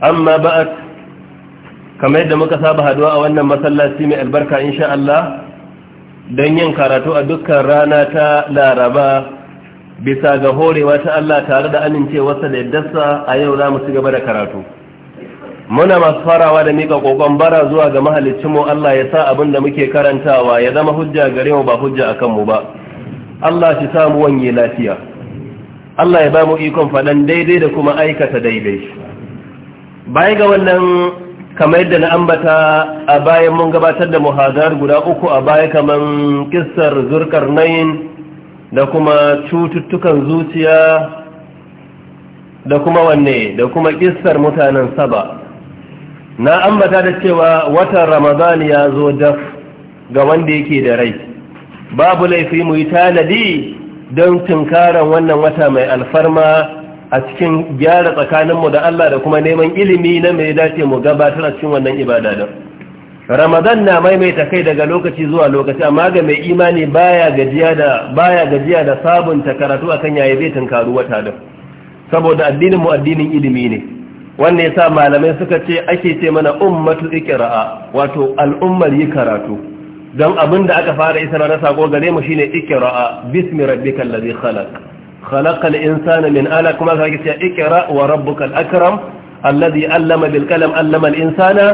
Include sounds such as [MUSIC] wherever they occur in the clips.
amma ba'at kamar yadda muka saba haduwa a wannan masallaci mai albarka insha Allah don yin karatu a dukkan rana ta laraba bisa ga horewa ta Allah tare da amincewarsa da yaddarsa a yau za mu ci gaba da karatu muna masu farawa da mika kokon bara zuwa ga mu Allah ya sa abin da muke karantawa ya zama hujja gare mu ba hujja a kanmu ba Allah shi samu wanye lafiya Allah ya ba mu ikon faɗan daidai da kuma aikata daidai baya ga wannan kamar yadda na ambata a bayan mun gabatar da muhazar guda uku a baya kamar kissar zurkar nayin da kuma cututtukan zuciya da kuma wanne da kuma kissar mutanen saba na ambata da cewa watan ramadan ya zo daf ga wanda yake da rai babu laifi mu yi tanadi don tunkaran wannan wata mai alfarma a cikin gyara tsakaninmu da Allah da kuma neman ilimi na mai dace mu gabatar a cikin wannan ibada da Ramadan na maimaita kai daga lokaci zuwa lokaci amma ga mai imani baya gajiya da gajiya da sabunta karatu kan yaya bai karu wata da saboda addinin mu addinin ilimi ne wannan yasa malamai suka ce ake ce mana ummatu iqra'a wato al'ummar yi karatu dan abin da aka fara isa na sako gare mu shine iqra'a bismi rabbikal ladhi khalaq khalaqal insana min ala kuma sai ce ikra wa rabbukal akram alladhi allama bil qalam allama al insana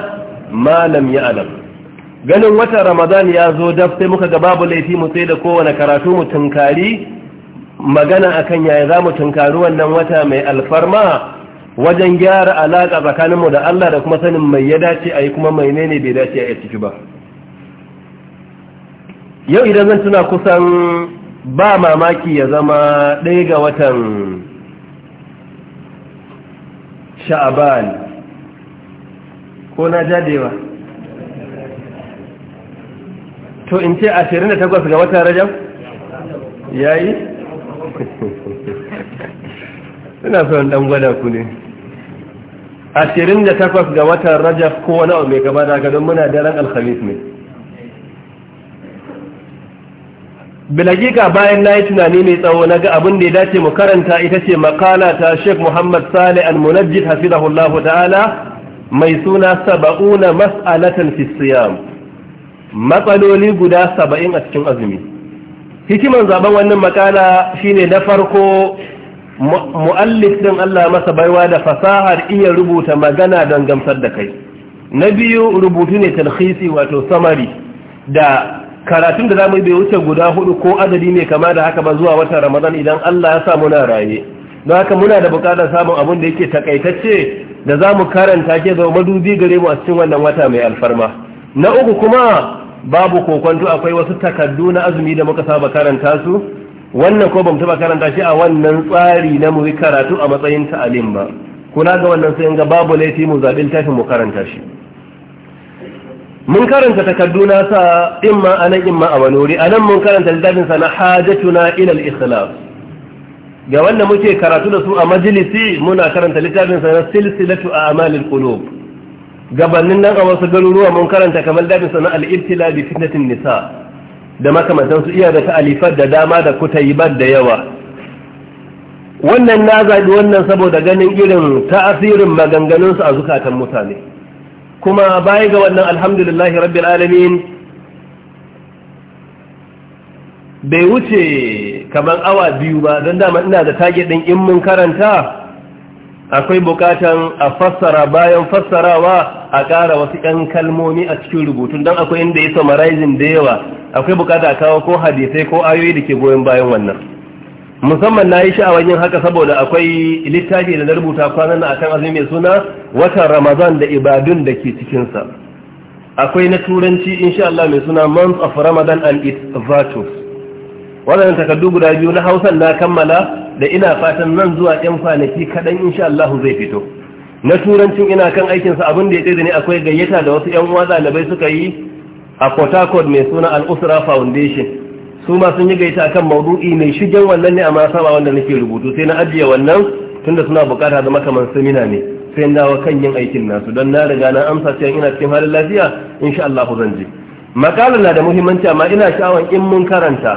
ma lam ya'lam ganin watan ramadan ya zo daf sai muka ga babu laifi mu sai da kowane karatu mu tunkari magana akan yaya za mu tunkari wannan wata mai alfarma wajen gyara alaƙa tsakaninmu da Allah da kuma sanin mai ya dace a yi kuma mai nene bai dace ya yi ciki ba yau idan zan tuna kusan ba mamaki ya zama ɗaya ga watan sha'aban ko na jadewa to in ce da takwas ga watan rajab yi? [LAUGHS] ina son dan gwada ku ne da takwas ga watan rajab ko wani abu mai gaba da don muna daren alhamis ne bilagika bayan na yi tunani mai tsawo na ga abin da ya dace mu karanta ita ce makala ta sheikh muhammad saleh al-munajjid hafizahullah ta'ala mai suna saba'una mas'alatan fi siyam matsaloli guda saba'in a cikin azumi hikiman zaben wannan makala shine na farko mu'allif din Allah masa baiwa da fasahar iya rubuta magana don gamsar da kai na biyu rubutu ne talhisi wato samari da karatun da za mu yi bai wuce guda hudu ko adadi mai kama da haka ba zuwa watan ramadan idan allah ya sa muna raye don haka muna da bukatar samun abin da yake takaitacce da za mu karanta ke zama madubi gare mu a cikin wannan wata mai alfarma na uku kuma babu kokwanto akwai wasu takardu na azumi da muka saba karanta su wannan ko bamu taba karanta shi a wannan tsari na mu karatu a matsayin ta'alim ba kuna ga wannan sai ga babu laifi mu zabi littafin mu karanta shi mun karanta takardu sa imma anan imma a wani wuri anan mun karanta littafin sa na hajatuna ila al ga wanda muke karatu da su a majalisi muna karanta littafin sa na silsilatu a amalin qulub gabanin nan a wasu garuruwa mun karanta kamar littafin sa na al bi fitnatin nisa da makamantan su iya da ta'alifat da dama da kutayyibat da yawa wannan na zaɓi wannan saboda ganin irin ta'asirin maganganunsu a zukatan mutane kuma baya ga wannan alhamdulillahi rabbil alamin bai wuce kamar awa biyu ba don dama ina da tage ɗin in mun karanta akwai bukatan a fassara bayan fassarawa a ƙara wasu ɗan kalmomi a cikin rubutun don akwai inda ya summarizing da yawa akwai bukata kawo ko hadisai ko ayoyi da ke goyon bayan wannan musamman na yi sha'awar yin haka saboda akwai littafi da na rubuta kwanan na akan azumi mai suna watan ramadan da ibadun da ke cikinsa akwai na turanci insha Allah mai suna month of ramadan and its virtues wannan takardu guda biyu na hausan na kammala da ina fatan nan zuwa yan kwanaki kaɗan insha Allah zai fito na turancin ina kan aikinsa abin da ya tsaye ne akwai gayyata da wasu yan uwa ɗalibai suka yi a port harcourt mai suna al'usra foundation su ma sun yi gaita kan maudu'i mai shigen wannan ne amma saba wanda nake rubutu sai na ajiye wannan tunda suna bukata zama kamar samina ne sai dawo kan yin aikin nasu don na riga na amsa cewa ina cikin halin lafiya insha Allah zan je makalar na da muhimmanci amma ina sha'awan in mun karanta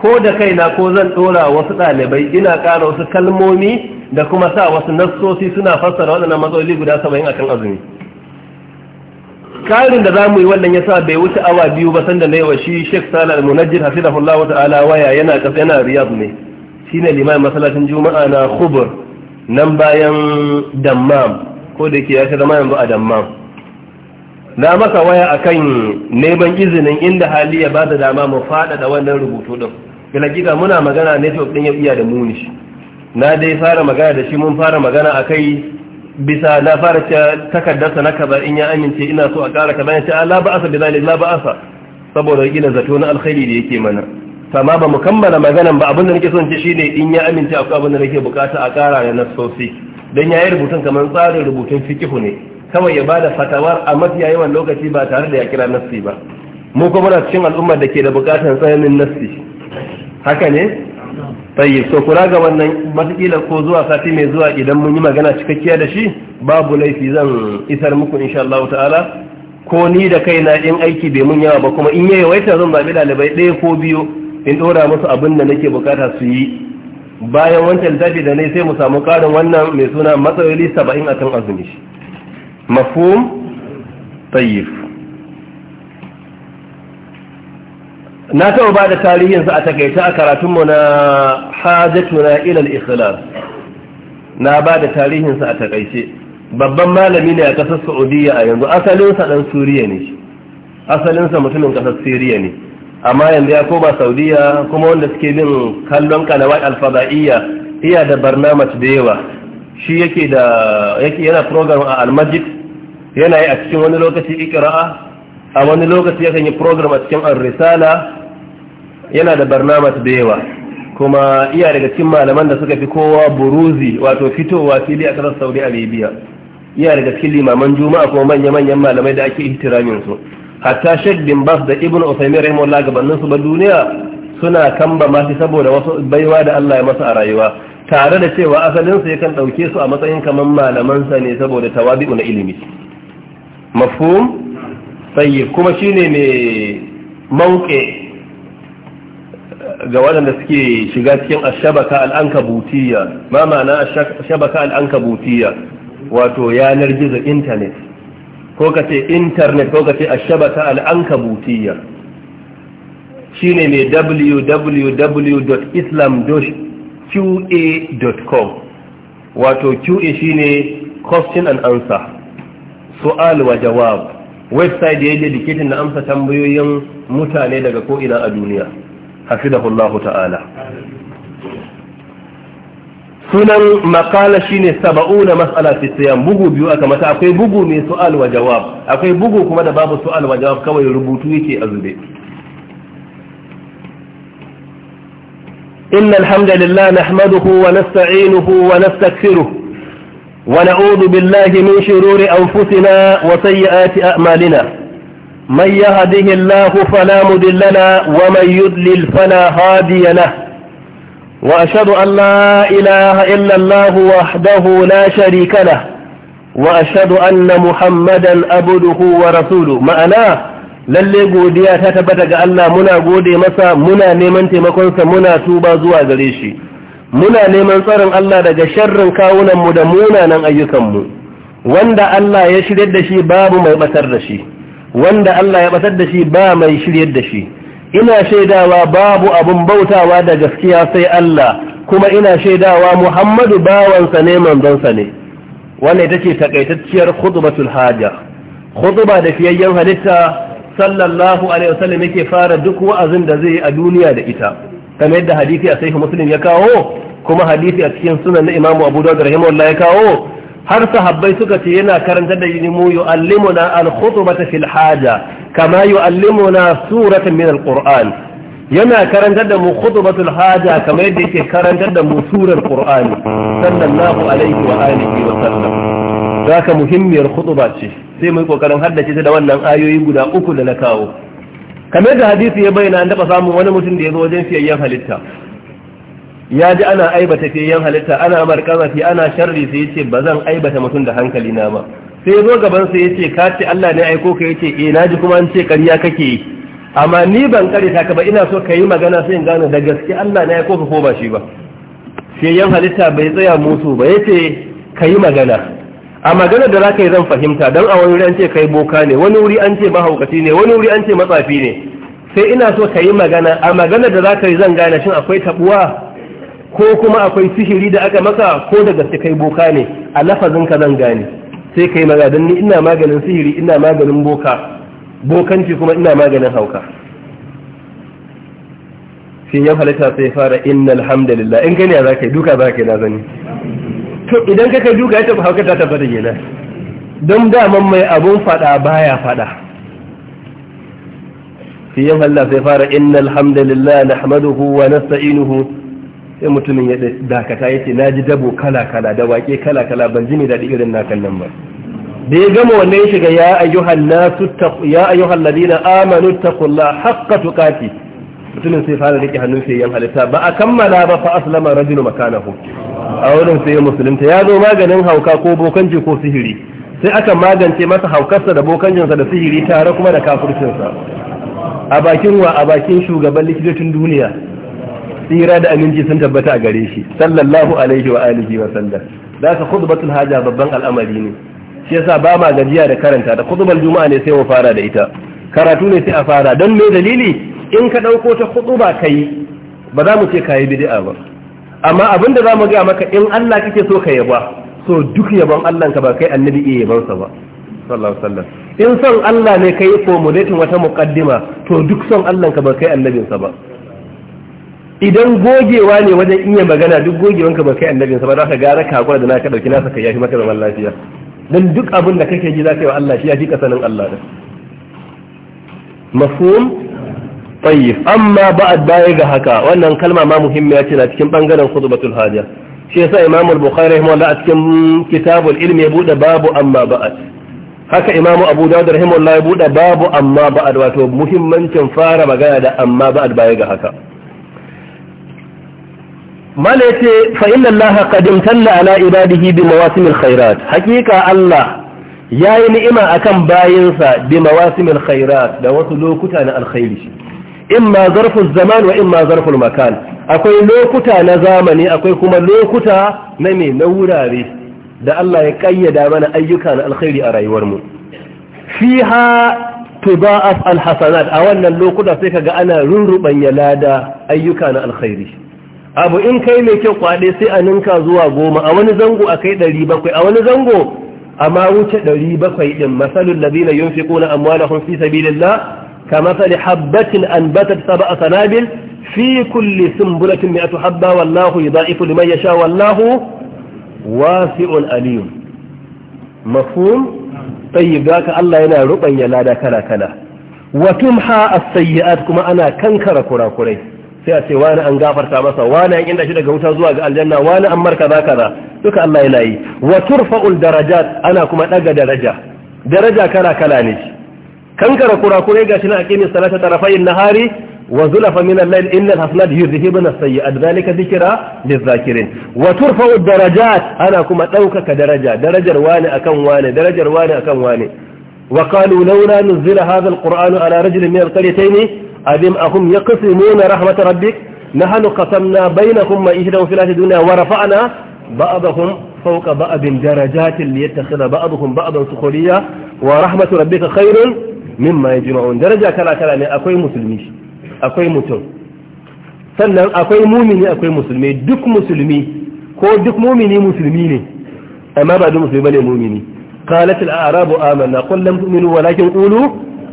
ko da kaina ko zan dora wasu ɗalibai ina ƙara wasu kalmomi da kuma sa wasu nassosi suna fassara waɗannan matsaloli guda saba'in akan azumi karin da zamu yi wannan sa bai wuce awa biyu ba sanda nayi wa shi Sheikh Salah Al-Munajjir hafizahullahu ta'ala waya yana kasa yana riyad ne shine limamin masallacin Juma'a na Khubur nan bayan dammam ko da ke ya shi zama yanzu a dammam na maka waya akan neman izinin inda hali ya ba da dama mu faɗaɗa wannan rubutu ɗin bilakika muna magana network ɗin ya iya da muni na dai fara magana da shi mun fara magana a kai bisa na fara ce takardarsa na kaza in ya amince ina so a ƙara kaza ya ce la asa bi zane la asa, saboda gina zato na alkhairi da yake mana sama ba mu kammala maganan ba abin da nake son ce shine in ya amince akwai abin da nake bukata a kara da nasosi dan yayi rubutun kamar tsarin rubutun fikihu ne kawai ya bada fatawar a mafiya yawan lokaci ba tare da ya kira nassi ba mu kuma muna cikin al'ummar da ke da bukatar tsananin nassi haka ne tayyib so kula ga wannan matakila ko zuwa sati mai zuwa idan mun yi magana cikakkiya da shi babu laifi zan isar muku insha Allah ta'ala ko ni da kaina in aiki bai mun yawa ba kuma in yayi waita zan zabi dalibai ɗaya ko biyu in dora musu abin da nake bukata su yi bayan wancan tafi da ne sai mu samu karin wannan mai suna matsayoli saba'in a kan azumi mafum tayyif na taɓa ba da tarihinsa a takaice a karatunmu na hajjatuna ilal ikhlas na ba da tarihinsa a takaice babban malami ne a ƙasar saudiya a yanzu asalinsa ɗan suriya ne asalinsa mutumin ƙasar siriya ne amma yanzu ya koma saudiya kuma wanda suke bin kallon kanawai alfada'iyya iya da barnama da yawa shi yake da yake yana program a almajid yana yi a cikin wani lokaci ikira'a a wani lokaci yakan yi program a cikin al risala yana da barnama da yawa kuma iya daga cikin malaman da suka fi kowa buruzi wato fitowa fili a kasar saudi arabia iya daga cikin limaman juma'a kuma manya-manyan malamai da ake ihtiramin su hatta Sheikh bin Bas da Ibn Uthaymeen rahimahullah gabanin su ba duniya suna kamba masu saboda wasu baiwa da Allah ya masa a rayuwa tare da cewa asalin su yakan dauke su a matsayin kamar malaman sa ne saboda tawabi'u na ilimi mafhum sai kuma shine mai mauke ga waɗanda suke shiga cikin ashabaka al-ankabutiyya ma ma'ana ashabaka al-ankabutiyya wato yanar gizo intanet ko ka ce internet ko ka ce ashabata al'ankabutiyya ne mai wwwislam wato qa shi ne question and answer su'al wa jawab website ya yi dikitin na amsa tambayoyin mutane daga ko'ina a duniya hafidahullahu ta'ala sunan makala shine saba'una mas'ala fi siyam bugu biyu aka mata akwai bugu ne su'al wa jawab akwai bugu kuma da babu su'al wa jawab kawai rubutu yake a zube إن الحمد لله نحمده ونستعينه ونستكفره ونعوذ بالله من شرور أنفسنا وسيئات أعمالنا من يهده الله فلا مضل له ومن يضلل فلا هادي له وأشهد أن لا إله إلا الله وحده لا شريك له وأشهد أن محمدا أبده ورسوله معناه lalle godiya ta tabbata ga Allah muna gode masa muna neman taimakonsa muna tuba zuwa gare shi muna neman tsarin Allah daga sharrin kawunanmu da munanan ayyukanmu wanda Allah ya shiryar da shi babu mai batar da shi wanda Allah ya batar da shi ba mai shiryar da shi ina shaidawa babu abin bautawa da gaskiya sai Allah kuma ina shaidawa Muhammadu bawansa ne manzonsa ne wannan ita ce takaitacciyar khutbatul haja khutba da fiyayyen halitta sallallahu alaihi wasallam yake fara duk wa'azin da zai yi a duniya da ita kamar yadda hadisi a sahih muslim ya kawo kuma hadisi a cikin sunan na imamu abu dawud rahimahullah ya kawo har sahabbai suka ce yana karanta da mu yu'allimuna al-khutbata fil haja kama yu'allimuna suratan min al-qur'an yana karanta da mu khutbatul haja kamar yadda yake karanta da mu surar qur'ani sallallahu alaihi wa alihi wa sallam zaka muhimmiyar khutba ce sai mu kokarin haddace ta da wannan ayoyi guda uku da na kawo kamar da hadisi ya bayyana an taba samun wani mutum da ya zo wajen fiyayyen halitta ya ji ana aibata fiyayyen halitta ana markazafi ana sharri sai yace ba zan aibata mutum da hankali na ba sai zo gaban sai yace ka ce Allah ne aiko ka yace eh naji kuma an ce ƙarya kake yi amma ni ban karita ka ba ina so ka yi magana sai in gane da gaske Allah ne aiko ka ko ba shi ba yan halitta bai tsaya musu ba yace ka yi magana a magana da zaka yi zan fahimta don a wani wuri an ce kai boka ne wani wuri an ce mahaukaci ne wani wuri an ce matsafi ne sai ina so ka yi magana a magana da zaka yi zan gane shin akwai tabuwa ko kuma akwai sihiri da aka maka ko da gaske kai boka ne a lafazin ka zan gane sai kai maza don ni ina maganin sihiri ina maganin boka bokanci kuma ina maganin hauka shi ya halitta sai fara inna alhamdulillah in gani za ka yi duka za ka yi na zani to idan ka kai duka ya taɓa hauka ta tabbata kenan don daman mai abun fada baya fada في يوم الله في فار إن الحمد لله نحمده ونستعينه sai mutumin ya dakata ya ce na ji dabo kala-kala da waƙe kala-kala ban ji ne daɗi irin nakan nan ba da ya gama wannan shiga ya ayyuhan nasu ya ayyuhan ladina amanu taqulla haqqa tuqati mutumin sai fara rike hannun sai yan halitta ba a kammala ba fa aslama rajulu makanahu a wurin sai ya musulunta ya zo maganin hauka ko bokanji ko sihiri sai aka magance masa haukarsa da bokanjinsa da sihiri tare kuma da kafircinsa a bakin wa a bakin shugaban likitocin duniya tsira da aminci sun tabbata a gare shi sallallahu alaihi wa alihi wa sallam da ka khutbatul haja babban al'amari ne shi yasa ba ma gajiya da karanta da khutbar juma'a ne sai mu fara da ita karatu ne sai a fara dan me dalili in ka dauko ta khutba kai ba za mu ce kai bid'a ba amma abin da za mu ga maka in Allah kake so ka yaba so duk yabon Allah ka ba kai annabi iya yaban sa ba sallallahu alaihi in son Allah ne kai formulating wata muqaddima to duk son Allah ka ba kai annabinsa ba idan gogewa ne wajen iya magana duk gogewanka ba kai annabinsa ba za ka gara ka hakura da naka ka ɗauki nasa ka yafi maka zaman lafiya don duk abin da kake ji za ka yi wa Allah shi ya fi kasanin Allah da mafhum tayyib amma ba'ad baya ga haka wannan kalma ma muhimmiya ce na cikin bangaren khutbatul hajja shi yasa imam al-bukhari rahimahullah a cikin kitabul ilmi ya bude babu amma ba'ad haka imamu abu dawud rahimahullah ya bude babu amma ba'ad wato muhimmancin fara magana da amma ba'ad baya ga haka mala yace fa talla allaha qad imtalla ala ibadihi bi mawasimil khairat hakika allah yayi ni'ima akan bayinsa bi mawasimil khairat da wasu lokuta na alkhairi ma zarfu zaman wa ma zarfu makan akwai lokuta na zamani akwai kuma lokuta na me na wurare da Allah ya kayyada mana ayyuka na alkhairi a rayuwar mu fiha tudha'af alhasanat a wannan lokuta sai kaga ana rurrubanya lada ayyuka na alkhairi abu in kai mai kyau kwade sai a ninka zuwa goma a wani zango a kai ɗari bakwai a wani zango a ma wuce ɗari bakwai ɗin masalin labina na yunfi ƙuna amma da hun fi sabilillah ka masali habbatin an batar saba a sanabil fi kulli sumbulatin mai habba wallahu ya za'ifu liman ya sha wallahu wasi'un aliyun mafhum tayyib ka Allah yana ruɓanya lada kala kala wa tumha as-sayyi'at kuma ana kankara kurakurai sai a ce wani an gafarta masa wani an inda shi daga wuta zuwa ga aljanna wani an marka za kaza duka Allah yana yi wa turfa'ul darajat ana kuma daga daraja daraja kala kala ne kankara kurakurai gashi na aqimi salata tarafayn nahari wa zulafa min al-layl inna al-hasanat yudhhibuna as-sayyi'at dhalika dhikra liz-zakirin wa turfa'ud darajat ana kuma ɗaukaka daraja darajar wani akan wani darajar wani akan wani wa qalu laula nuzila hadha al-qur'anu ala rajulin min al-qaryatayn أدم أهم يقسمون رحمة ربك نحن قسمنا بينكم معيشتهم في الآية الدنيا ورفعنا بعضهم فوق بعض درجات ليتخذ بعضهم بعضا سخرية ورحمة ربك خير مما يجمعون درجة كلا كلا من أكوي مسلميش أكوي متون سنة أكوي مؤمني أكوي مسلمي دك مسلمي هو دك مؤمني مسلميني أما بعد مسلمين مؤمني قالت الأعراب آمنا قل لم تؤمنوا ولكن قولوا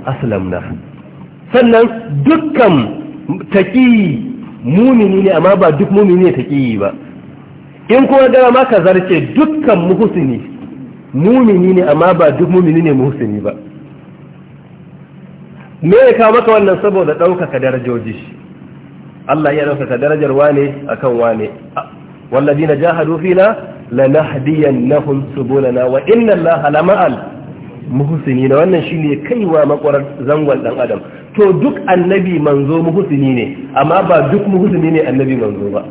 أسلمنا sannan dukkan taƙi mumini ne amma ba duk mumini ne taƙi ba in kuma gara ma ka zarce dukkan muhusini mumini ne amma ba duk mumini ne muhusini ba me ya kawo maka wannan saboda ɗaukaka darajoji Allah ya ɗaukaka darajar wane A kan wane hadiyan na فينا لنهدينهم wa inna الله لمع muhusini da wannan shi ne kaiwa makwarar zangon dan adam to duk annabi manzo muhusini ne amma ba duk muhusini ne annabi manzo ba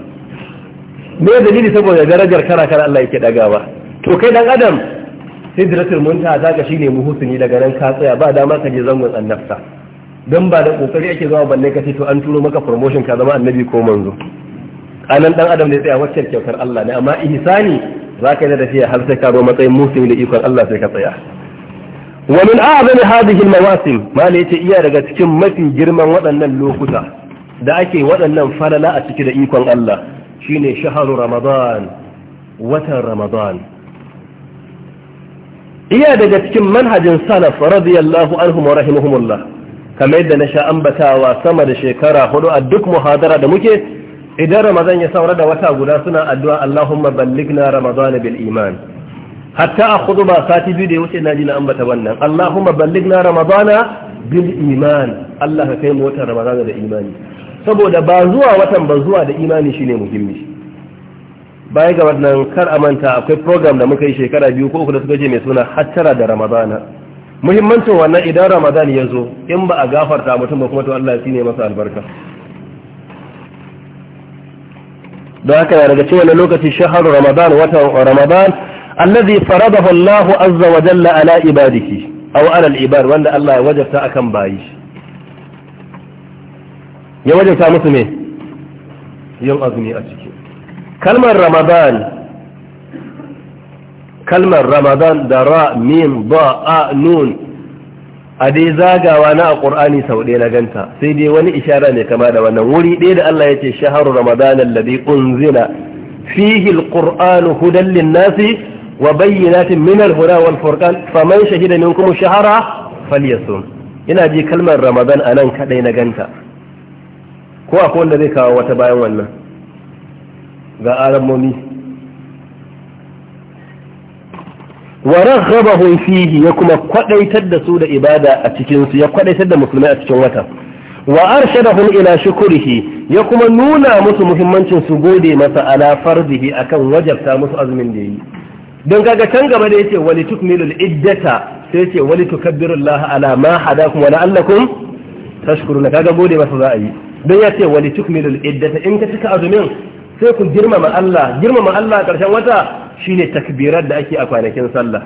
me dalili saboda darajar kara kara Allah yake dagawa to kai dan adam hijratul muntaha zaka shine muhusini daga nan ka tsaya ba dama ka je zangon annabta dan ba da kokari ake zama balle ka ce to an turo maka promotion ka zama annabi ko manzo anan dan adam ne tsaya wacce kyautar Allah ne amma ihsani zaka yi da tafiya har sai ka zo matsayin musulmi da ikon Allah sai ka tsaya wa min a'zami hadhihi al-mawasim mala yace iya daga cikin mafi girman waɗannan lokuta da ake waɗannan falala a ciki da ikon Allah shine shahru ramadan watan ramadan iya daga cikin manhajin salaf radiyallahu anhum wa rahimahumullah kamar yadda na sha ambatawa sama da shekara hudu a duk muhadara da muke idan ramadan ya saura da wata guda suna addu'a Allahuma Allahumma ballighna ramadan bil iman hatta a kudu ba sati biyu da ya wuce naji na ambata wannan Allahumma na ramadana bil iman Allah ka kai mu watan ramadana da imani saboda ba zuwa watan ba zuwa da imani shine muhimmi baya ga wannan kar a manta akwai program da muka yi shekara biyu ko uku da suka je mai suna hattara da ramadana muhimmancin wannan idan ramadan ya zo in ba a gafarta mutum ba kuma to Allah shine masa albarka don haka daga cewa na lokaci shahar ramadan watan ramadan allazi faradahu Allahu azza wa jalla ala ibadihi aw ala al-ibad wanda Allah ya wajabta akan bayi ya wajabta musu me yin azumi a ciki kalmar ramadan kalmar ramadan da ra mim ba a nun a dai zagawa na a ƙur'ani sau ɗaya na ganta sai dai wani ishara ne kama da wannan wuri ɗaya da Allah ya ce shaharu ramadan alladhi unzila fihi alqur'anu hudan linnasi wa bayyinatin min al-huda wal furqan faman shahida shahara falyasum ina ji kalmar ramadan nan kadai na ganta ko akwai wanda zai kawo wata bayan wannan ga alamomi. wa raghabahum fihi ya kuma kwadaitar da su da ibada a cikin su ya kwadaitar da musulmai a cikin wata wa arshadahum ila shukrihi ya kuma nuna musu muhimmancin su gode masa ala fardihi akan wajabta musu azumin da yi don kaga can gaba da yace wali tukmilul iddata sai yace wali tukabbirullah ala ma hadakum wa la'allakum tashkuruna kaga gode masa za a yi don yace wali tukmilul iddata in ka cika azumin sai ku girmama Allah girmama Allah karshen wata shine takbirar da ake a kwanakin sallah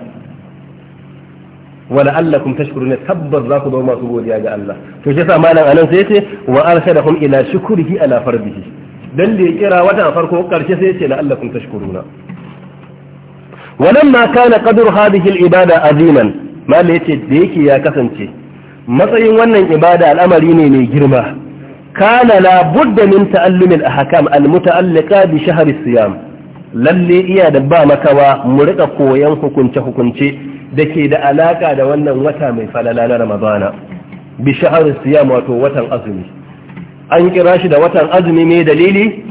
wa la'allakum tashkuruna tabbas za ku zama masu godiya ga Allah to shi yasa malam anan sai yace wa arshadakum ila shukrihi ala fardihi dan da ya kira wata farko karshe sai yace la'allakum tashkuruna walamma kana qadru hadhihi al-ibada aziman Malle yace da yake ya kasance matsayin wannan ibada al'amari ne mai girma kana la budda min ta'allum al-ahkam al-muta'alliqa bi shahr as-siyam lalle iya da ba makawa mu rika koyan hukunce hukunce dake da alaka da wannan wata mai falala na ramadana bi shahr as-siyam wato watan azumi an kira shi da watan azumi mai dalili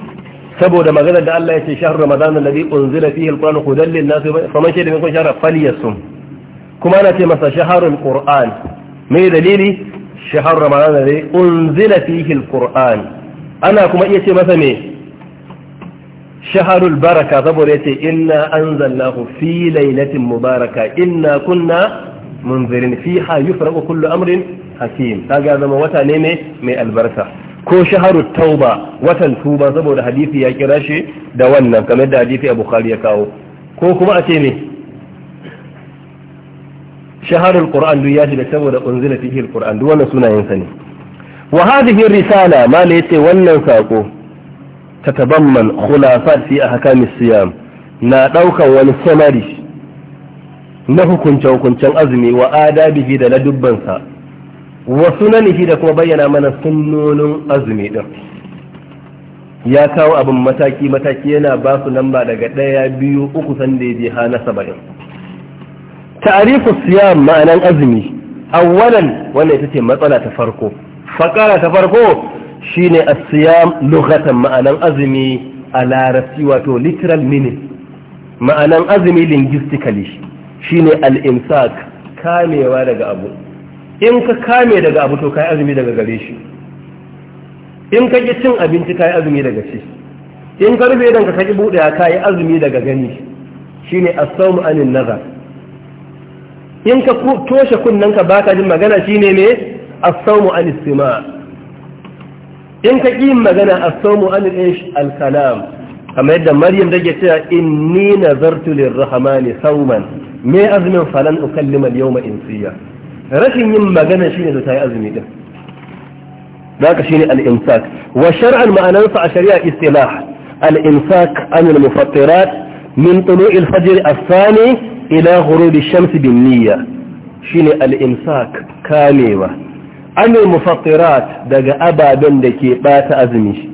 سبو ده مغنى ده الله يتي شهر رمضان الذي انزل فيه القرآن خدل للناس فمن شهر من شهر فليسهم كما نتي مثلا شهر القرآن ما دليلي شهر رمضان الذي انزل فيه القرآن أنا كما يتي مثلا شهر البركة سبو يتي إنا أنزلناه في ليلة مباركة إنا كنا منذرين فيها يفرق كل أمر حكيم هذا ما وتعني من البركة ko shaharu tauba watan tuba saboda hadisi ya kira shi da wannan kamar da hadisi a bukhari ya kawo ko kuma a ce ne shaharul qur'an duk ya shiga saboda unzila fihi alquran duk wannan sunayen sa ne wa hadhihi risala ma la yace wannan sako tatabamman khulafat fi ahkam siyam na daukan wani samari na hukunce hukuncen azumi wa adabihi da sa wa sunanihi da kuma bayyana mana sunnonin azumi din ya kawo abin mataki mataki yana ba su namba daga ɗaya biyu uku san da yaje ha na saba'in ta'rifu siya ma'anan azumi awwalan wannan ita ce matsala ta farko fakara ta farko shine a siya lughatan ma'anan azumi a Larasi wato literal meaning ma'anan azumi linguistically shine al-imsak kamewa daga abu in ka kame daga abu to kai azumi daga gare shi in ka ji cin abinci kai azumi daga ci in ka rufe idan ka kaji bude ka yi azumi daga gani shine as-sawm anin nazar in ka toshe kunnen ka baka jin magana shine ne as-sawm anis sima in ka ki magana as-sawm anil ish al-kalam kamar yadda maryam take cewa inni nazartu lirrahmani sawman me azumin falan ukallima al-yawma insiya rashin yin magana shi ne da ta yi azumi din daga shi ne al’insak wa shar’an ma’anansa a shari’a istilah al’insak an yi mafattirat min tsoro ilfajir a sani ila hurudi shamsi bin niyya shi ne al’insak kamewa an yi mafattirat daga ababen da ke ɓata azumi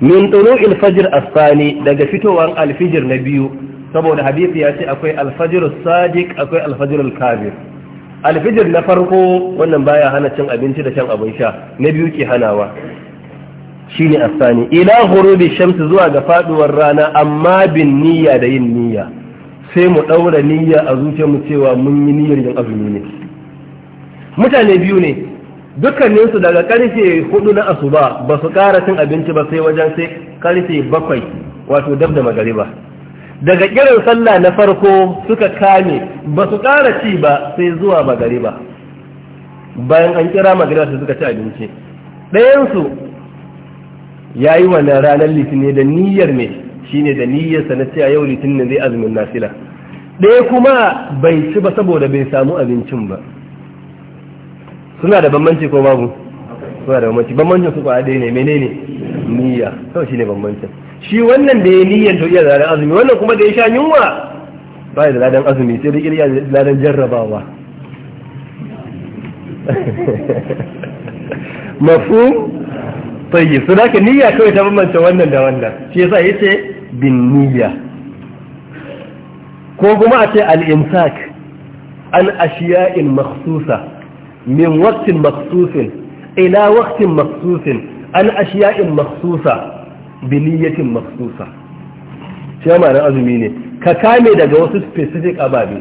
min tsoro ilfajir a sani daga fitowan alfijir na biyu saboda habibu ya ce akwai alfajir sadiq akwai alfajir alkabir alfijir na farko wannan baya hana cin abinci da shan abin sha na biyu ke hanawa Shi shine asani ila ghurubi shamsu zuwa ga faduwar rana amma bin niyya da yin niyya sai mu ɗaura niyya a mu cewa mun yi niyyar yin azumi ne mutane biyu ne dukkaninsu daga karfe hudu na asuba ba su kara cin abinci ba sai wajen sai karfe bakwai wato dab da magariba daga kiran sallah na farko suka kame ba su kara ci ba sai zuwa magariba bayan an kira magariba su suka ci abinci ɗayansu ya yi wa ranar litinin da niyyar mai ne da niyyarsa na cewa yau litinin zai azumin nasila ɗaya kuma bai ci ba saboda bai samu abincin ba suna da bambanci ko babu suna da bambanci bambancin su kwa ne menene niyya kawai ne bambancin shi wannan da ya niyyar to iya ladan azumi wannan kuma da ya sha yunwa ba da ladan azumi sai da iya ladan jarrabawa [LAUGHS] mafu tayyib su zaka niyya kawai ta bambanta wannan da wannan shi yasa ce bin niyya ko kuma a ce al-imsak an ashiya'in maksusa? min waqtin maksusin? ila waqtin maksusin? an ashiya'in maksusa? biniyatin maksusa shi ma'anar azumi ne ka kame daga wasu specific ababe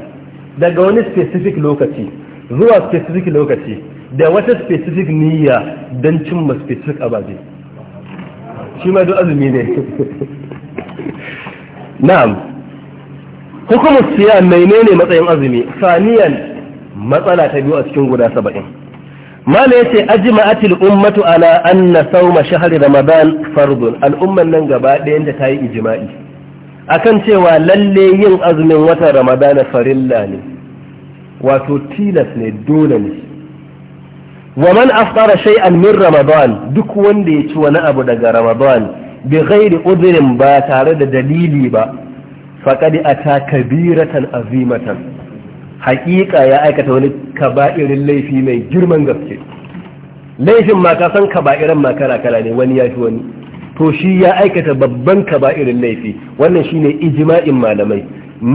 daga wani specific lokaci zuwa specific lokaci da wata specific niyya don cimma specific ababe shi ma duk azumi ne [LAUGHS] na'am hukumar siya menene matsayin azumi saniyan matsala ta biyu a cikin guda saba'in mala yace ajma'atil ummatu ala anna sauma shahar ramadan fardun al'umman nan gaba ɗayan da yi ijma'i akan cewa lalle yin azumin watan ramadana farilla ne wato tilas ne dole ne wa man aftara shay'an min ramadan duk wanda ya ci wani abu daga ramadan bi ghairi udrin ba tare da dalili ba faqad ata kabiratan azimatan Hakika ya aikata wani kaba'irin laifi mai girman gaske laifin ma ka san kaba'iran ma kala kala ne wani ya fi wani to shi ya aikata babban kaba'irin laifi wannan shine ijima'in malamai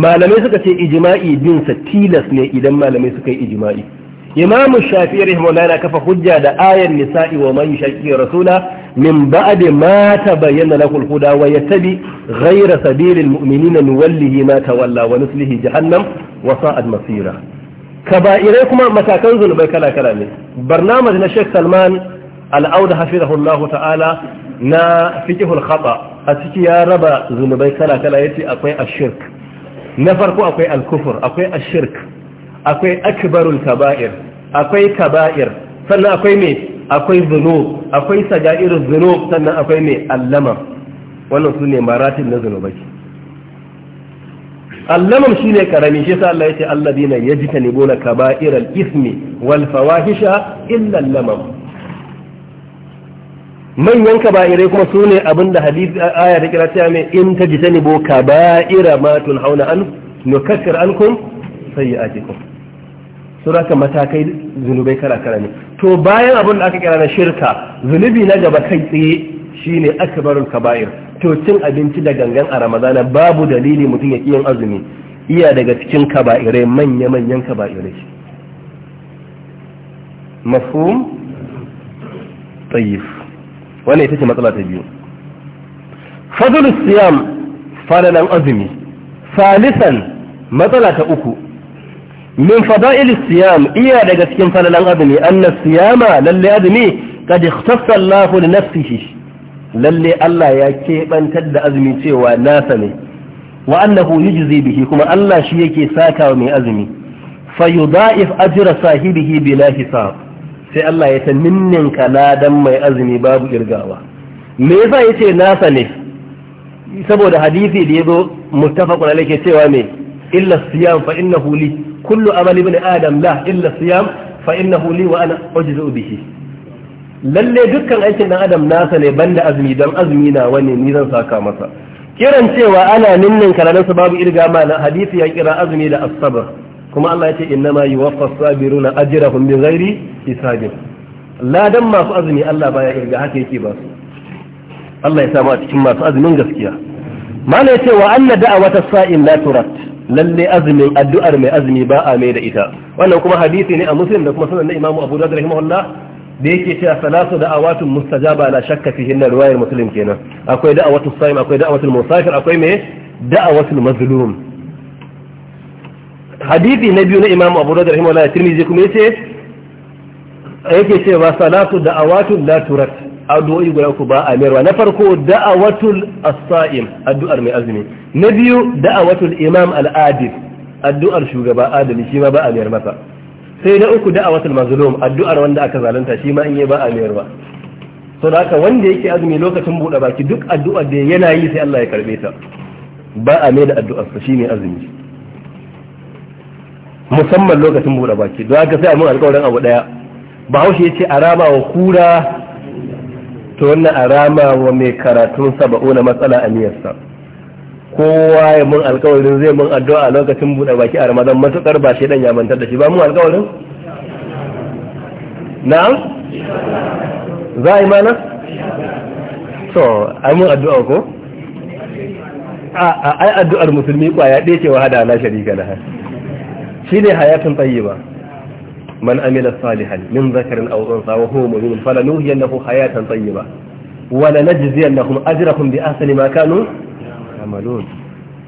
malamai suka ce ijima'i bin tilas ne idan malamai suka yi ijima'i. imamu shafi rahimahullah yana kafa hujja da ayan nisa'i wa man yashaqi rasula min ba'di ma tabayyana lahu al-huda wa yattabi ghayra sabilil mu'minina nuwallihi ma tawalla wa nuslihi jahannam wa sa'ad masira kaba'irai kuma matakan zunubai kala kala ne barnamij na Sheikh Salman al-Auda hafizahullahu ta'ala na fiqhul khata a ciki ya raba zunubai kala kala yace akwai ashirk na farko akwai al-kufr akwai ashirk akwai akbarul kaba'ir akwai kaba'ir sannan akwai me akwai zunub akwai sagairu zunub sannan akwai me allama wannan su ne maratin na zunubai allamam shi ne karami shi sa Allah ya ce alladina yajtanibuna kaba'iral ismi wal fawahisha illa allamam manyan kaba'irai kuma su ne abin da hadith aya da kira cewa mai in ta jita ne bo kaba'ira ma tun hauna an nukassir an kun sai ya ake kuma suraka matakai zunubai kala kala ne to bayan abin da aka kira na shirka zunubi na gaba kai tsaye shine akbarul kaba'ir to cin abinci da gangan a ramadana babu dalili mutum ya yin azumi iya daga cikin kaba'irai manya manyan kaba'irai mafhum tayyib wannan ita ce matsala ta biyu fadlus siyam fadalan azumi salisan matsala ta uku min fada'il siyam iya daga cikin falalan azumi anna siyama lalle azumi kad ikhtassa Allahu li nafsihi lalle Allah ya kebantar da azumi cewa nasa ne wa annahu yujzi bihi kuma Allah shi yake saka mai azumi fayudha'if ajra sahibihi bila hisab sai Allah ya ta ninninka ladan mai azumi babu kirgawa me yasa yace nasa ne saboda hadisi da yazo muttafaqun alayhi cewa me إلا الصيام فإنه لي كل عمل ابن آدم لا إلا الصيام فإنه لي وأنا أجزء به lalle dukkan aikin dan adam nasa ne banda azumi dan azumi na wani ni zan saka masa kiran cewa ana ninnin karanan su babu irga ma na hadisi ya kira azumi da asabar kuma Allah ya ce innama yuwaffa sabiruna ajrahum bi ghairi hisabin ladan masu azumi Allah baya irga haka yake ba su Allah ya sa mu a cikin masu azumin gaskiya ya malai cewa anna da'awata sa'in la turat lalle azumin addu'ar mai azumi ba a mai da ita wannan kuma hadisi ne a muslim da kuma sunan na imamu abu dawud rahimahullah da yake cewa salatu da da'awatun mustajaba la shakka fihin na riwayar muslim kenan akwai da'awatu saim akwai da'awatu musafir akwai mai me da'awatu mazlum hadisi na biyu na imamu abu dawud rahimahullah tirmidhi kuma yace yake cewa salatu da da'awatun la turat addu'o'i guda ku ba a mayarwa na farko da'awatul as-sa'im addu'ar mai azumi na biyu da'awatul imam al-adil addu'ar shugaba adali shi ma ba a mayar masa sai na uku da'awatul mazlum addu'ar wanda aka zalunta shi ma in yi ba a mayarwa to da haka wanda yake azumi lokacin buɗe baki duk addu'ar da yana yi sai Allah ya karbe ta ba a mai da addu'ar sa ne azumi musamman lokacin buɗe baki don haka sai a mun alƙawarin abu daya bahaushe ya ce a raba wa kura to wannan a rama wa mai karatun saba'una matsala a niyarsa kowa ya mun alkawarin zai mun addu'a lokacin buɗe baki a ramadan matuƙar ba shi dan ya mantar da shi ba mun alkawarin na'am za a yi mana to ai mun addu'a ko a ai addu'ar musulmi kwaya ɗaya ce wa hada na sharika da shi ne hayatun ba. man amila salihan min zakarin aw unsa wa huwa mu'min falanuhyiyannahu hayatan tayyiba wa lanajziyannahum ajrahum bi ahsani ma kanu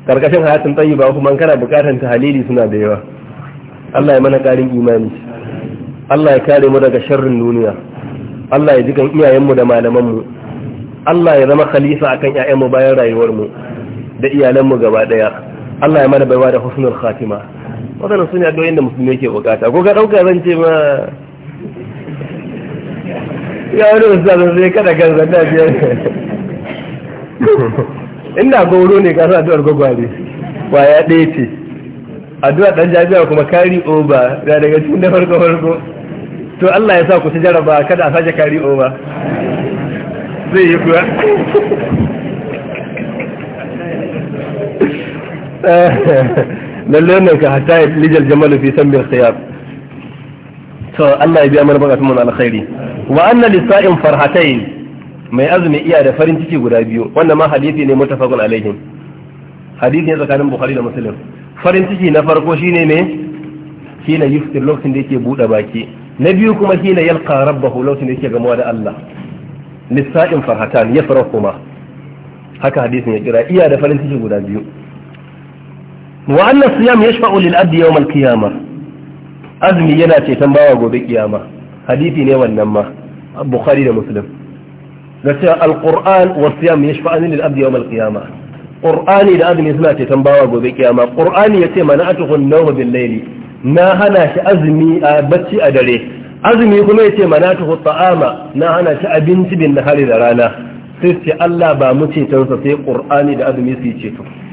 karkashin hayatan tayyiba kuma kana bukatan tahlili suna da yawa Allah ya mana karin imani Allah ya kare mu daga sharrin duniya Allah ya ji kan iyayenmu da malamanmu Allah ya zama khalifa akan ƴaƴanmu bayan mu da iyalanmu gaba daya Allah ya mana baiwa da husnul khatima waɗannan suna ga addu'o'in da musulmi ke bukata ko ka ɗauka zan ce ma ya wani sa sai kada kan zanna biyar [LAUGHS] inda goro ne ka addu'ar gwagwari ba ya ɗaya ce addu'ar ɗan jami'a kuma kari oba da daga cikin da farko farko to Allah ya sa ku ci jaraba kada a sake kari oba zai yi kuwa [LAUGHS] eh lalle ne ka hata ya lijal jamal fi sambil khiyar to Allah ya biya mana bukatun mun alkhairi wa anna lisa'in farhatayn mai azumi iya da farin ciki guda biyu wannan ma hadisi ne mutafaqun alayhi hadisi ne tsakanin bukhari da muslim farin ciki na farko shine ne shine yuftir lokacin da yake bude baki na biyu kuma shine yalqa rabbahu lokacin da yake gamuwa da Allah lisa'in farhatan yafrahuma haka hadisin ya kira iya da farin ciki guda biyu وأن الصيام يشفع للأد يوم القيامة أذن يناتي تنباوى قبي قيامة حديثي نيوى النمى البخاري المسلم نسيح القرآن والصيام يشفع للأد يوم القيامة قرآني لأذن يناتي تنباوى قبي قيامة قرآني يتي منعته النوم بالليل ما ناهناش أذني أبتي آه، أدري أذني هم يتي منعته الطعام ناهناش أبنت بالنهار ذرانا سيسي ألا باموتي تنسى قرآني لأذن يسيتي تنسى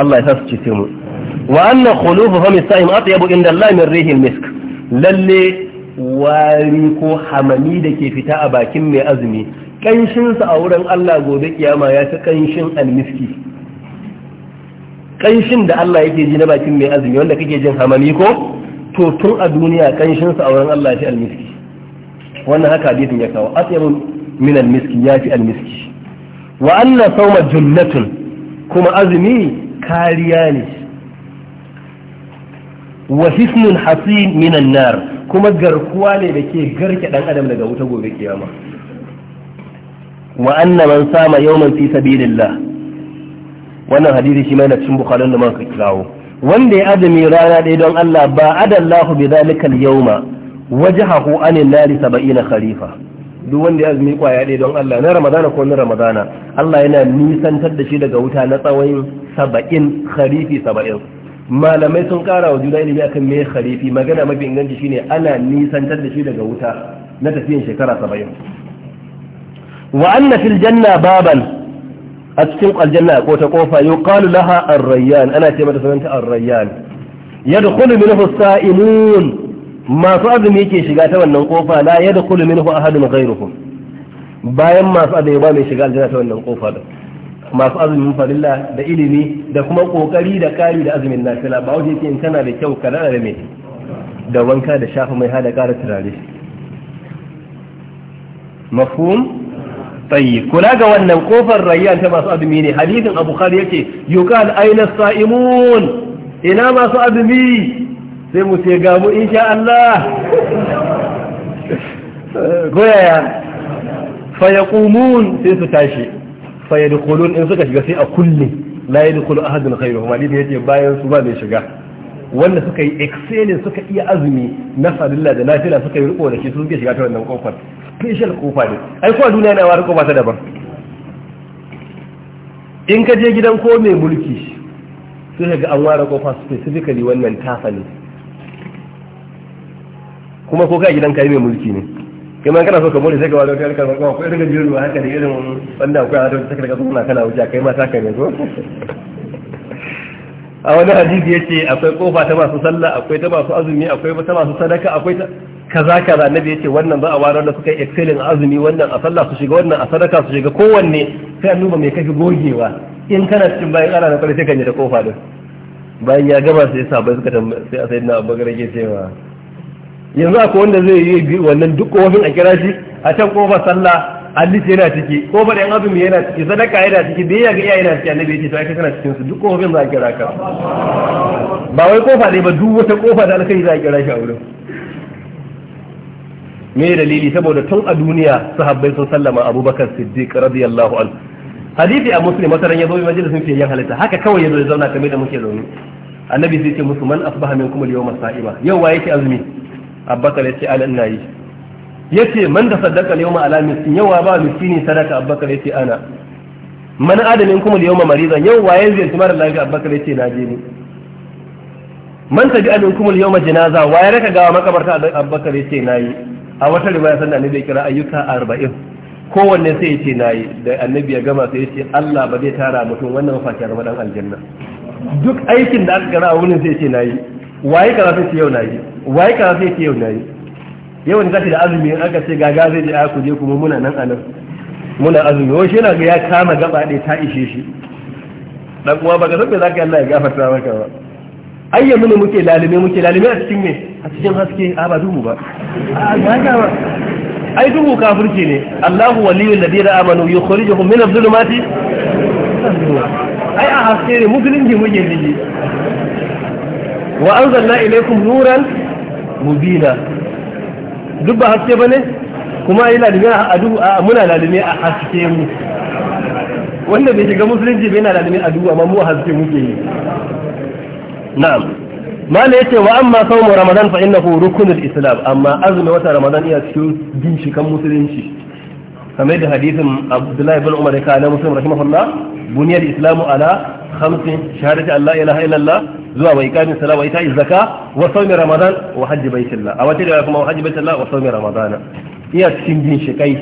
Allah ya sasu cece mu wa anna khulufu fami sa'im atyabu inda Allah min rihil misk lalle wari ko hamami da ke fita a bakin mai azumi kanshin sa a wurin Allah gobe kiyama ya fi kanshin almiski kanshin da Allah yake ji na bakin mai azumi wanda kake jin hamami ko to tun a duniya kanshin sa a wurin Allah ya fi almiski wannan haka hadisin ya kawo atyabu min almiski ya fi almiski wa anna sawma junnatun kuma azumi kariya ne wa hisnun hasi minan nar kuma garkuwa ne da ke garke dan adam daga wuta gobe kiyama wa anna man sama yawman fi sabilillah wannan hadisi shi mai na cikin bukharun da muka kirawo wanda ya azumi rana ɗaya don Allah ba adallahu bi zalikal yawma wajhahu anin nari 70 Khalifa. duk wanda ya azumi kwaya ɗaya don Allah na Ramadana ko na Ramadana Allah yana nisantar da shi daga wuta na tsawon saba'in harifi saba'in malamai sun kara wa juna ilimi akan me harifi magana mafi inganci shine ana nisantar da shi daga wuta na tafiyan shekara saba'in wa anna fil janna baban a cikin aljanna ko ta kofa yuqalu laha ar ana ce mata sunanta ar-rayyan yadkhulu minhu as masu azumi ke shiga ta wannan kofa la yadkhulu minhu ahadun ghayruhum bayan masu azumi ba mai shiga aljanna ta wannan kofa da masu azumin farilla da ilimi da kuma kokari da kari da azumin nafila ba wuce ce in kana da kyau kana da mai da wanka da shafa mai hada kara turare mafhum tayyib kula ga wannan kofar rayyan ta masu azumi ne hadisin abu khari yake yuqal aina sa'imun ina masu azumi sai mu sai gamu insha Allah goyaya fayaqumun sai su tashi fayadkhulun in suka shiga sai a kulli la yadkhulu ahadun ma hadisi yace bayan su ba mai shiga wanda suka yi excelling suka iya azumi na fadilla da lafiya suka yi riko da shi suke shiga ta wannan kofar special kofa ne ai ko duniya na wari kofa ta daban in ka je gidan ko mai mulki sai ga an ware kofa specifically wannan tafa ne kuma ko kai gidan kai mai mulki ne kai kana so ka more sai ka wada ka karban kuma ko irin gajiyar haka da irin wanda akwai a wata sakar kasa kuma kana wuce kai ma ta kai ne ko a wani hadisi yace akwai kofa ta masu sallah akwai ta masu azumi akwai ta masu sadaka akwai ta kaza kaza annabi yace wannan ba a wara da suka yi excelling azumi wannan a sallah su shiga wannan a sadaka su shiga kowanne sai an duba mai kafi gogewa in kana cikin bayan ana da kwarai sai kan yi da kofa din bayan ya gama sai sabai suka tambaye sai a sayyidina abubakar yake cewa yanzu akwai wanda zai yi wannan duk kofin a kira shi a can kofar sallah hadisi yana ciki ko ba da azumi yana ciki sadaka yana ciki da yaga iyaye yana ciki annabi yace to ai kana cikin su duk kofin za a kira ka ba wai kofa ne ba duk wata kofa da alkai za a kira shi a wurin me dalili saboda tun a duniya sahabbai sun sallama Abubakar Siddiq radiyallahu anhu hadisi a muslim masaran yazo bi majalisin fiye halitta haka kawai yazo ya zauna kamar da muke zaune annabi sai ce musu man asbaha minkum al-yawma sa'ima yau wa yake azumi abbakar ya ce ana ina yi ya ce man da sadaka yau ma'ala miskin yawa ba miskini sadaka abbakar ya ce ana man adamin kuma da yau ma mariza yau waye ziyarci mara lafiya abbakar ya ce na je ne? man tabi amin kuma da yau ma jinaza waye raka gawa makabarta abbakar ya ce na yi a wata riwaya sannan annabi ya kira ayyuka arba'in kowanne sai ya ce na yi da annabi ya gama sai ya ce Allah ba zai tara mutum wannan a ramadan aljanna duk aikin da aka gara a wurin sai ya ce na yi waye ka zafi yau nayi waye ka yau nayi yau zaki da azumi in aka ce gaga zai je a ku je kuma muna nan anan muna azumi wai shi yana ga ya kama gaba ɗaya ta ishe shi dan uwa baka san me zaka Allah ya gafarta maka ba ai yanzu muke lalime muke lalime a cikin me a cikin haske a ba duhu ba ai duhu kafirci ne Allahu waliyul ladina amanu yukhrijuhum min adh-dhulumati ai a haske ne musulunci muke jiji wa anzalna ilaykum nuran mubina duk ba haske ba ne kuma yana da a duhu a muna lalime a haske mu wanda bai shiga musulunci bai na lalime a duhu amma mu haske muke yi na'am mala yace wa amma sawmu ramadan fa innahu rukunul islam amma azumi wata ramadan iya cikin kan musulunci kamar da hadisin abdullahi bin umar ya kana muslim rahimahullah buniyal islamu ala khamsin shahadati an la ilaha illallah zuwa wa ikamin sala wa ita'i zaka wa sawmi ramadan wa hajji baitillah a wata da kuma wa hajji baitillah wa sawmi ramadana iya cikin kai,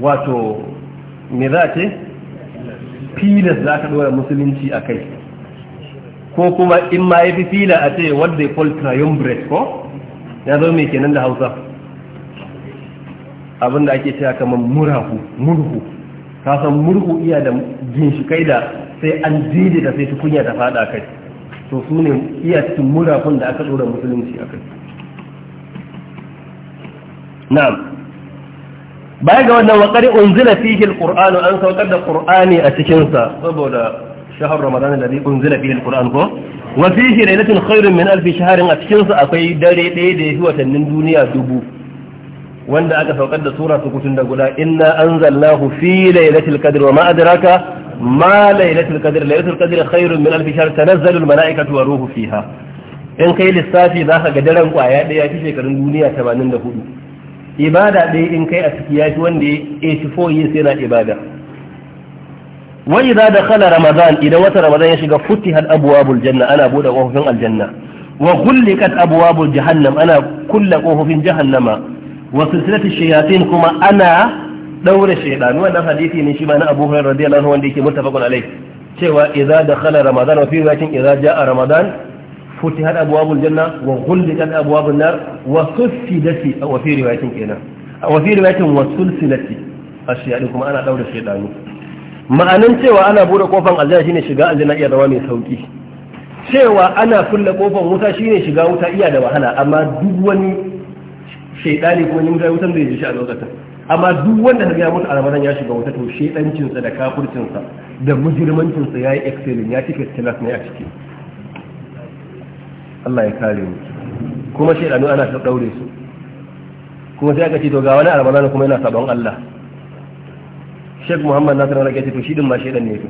wato me za ce filas za ka dora musulunci a kai ko kuma in ma ya fi fila a ce what they call triumvirate ko ya zo mai kenan da hausa abin da ake cewa kamar murahu murhu ka san murhu iya da ginshi kai da sai an dide da sai tukunya ta fada kai to su ne iya cikin murafin da aka ɗora musulunci a kai na'am baya ga wannan waƙari unzila fihi alqur'anu an saukar da qur'ani a cikin sa saboda shahar ramadan alladhi unzila fihi alqur'an ko wa fihi lailatin khairun min alf shahrin a cikin sa akwai dare ɗaya da yafi watannin duniya dubu wanda aka saukar da sura su kutun da guda inna anzalnahu fi lailatul qadr wa ma adraka ma lailatul qadr lailatul qadr khairun min alf shahr tanazzalu al mala'ikatu in kai lissafi zaka ga daren kwaya daya fi shekarun duniya 84 ibada ɗaya in kai a ciki ya fi wanda 84 years yana ibada wa da dakhala ramadan idan wata ramadan ya shiga futihat abwabul janna ana buɗe kofofin aljanna wa ghulliqat abwabul jahannam ana kulla kofofin jahannama wa silsilatu shayatin kuma ana daure shaydanu wannan hadisi ne shi ba na Abu Hurairah radiyallahu anhu wanda yake muttafaqun alayh cewa idza dakhala ramadan wa fi riwayatin idza jaa ramadan futihat abwabul janna wa ghulqat abwabun nar wa suffidat wa fi riwayatin kenan wa fi riwayatin wa sulsilat ashiya kuma ana daure shaydanu Ma'anin cewa ana bude kofan aljanna shine shiga aljanna iya rawa mai sauki cewa ana kulle kofan wuta shine shiga wuta iya da wahala amma duk wani shaidani ko wani mutane wutan zai ji shi a lokacin amma duk wanda ka ya mutu ramadan ya shiga wata to sa da kafurcinsa da mujirmancinsa ya yi excelin ya tike tilas ne a ciki Allah ya kare mu kuma shedanu ana ta daure su kuma sai aka ce to ga wani ramadan kuma yana sabon Allah Sheikh Muhammad Nasir Allah ya ce to shi din ma shedan ne to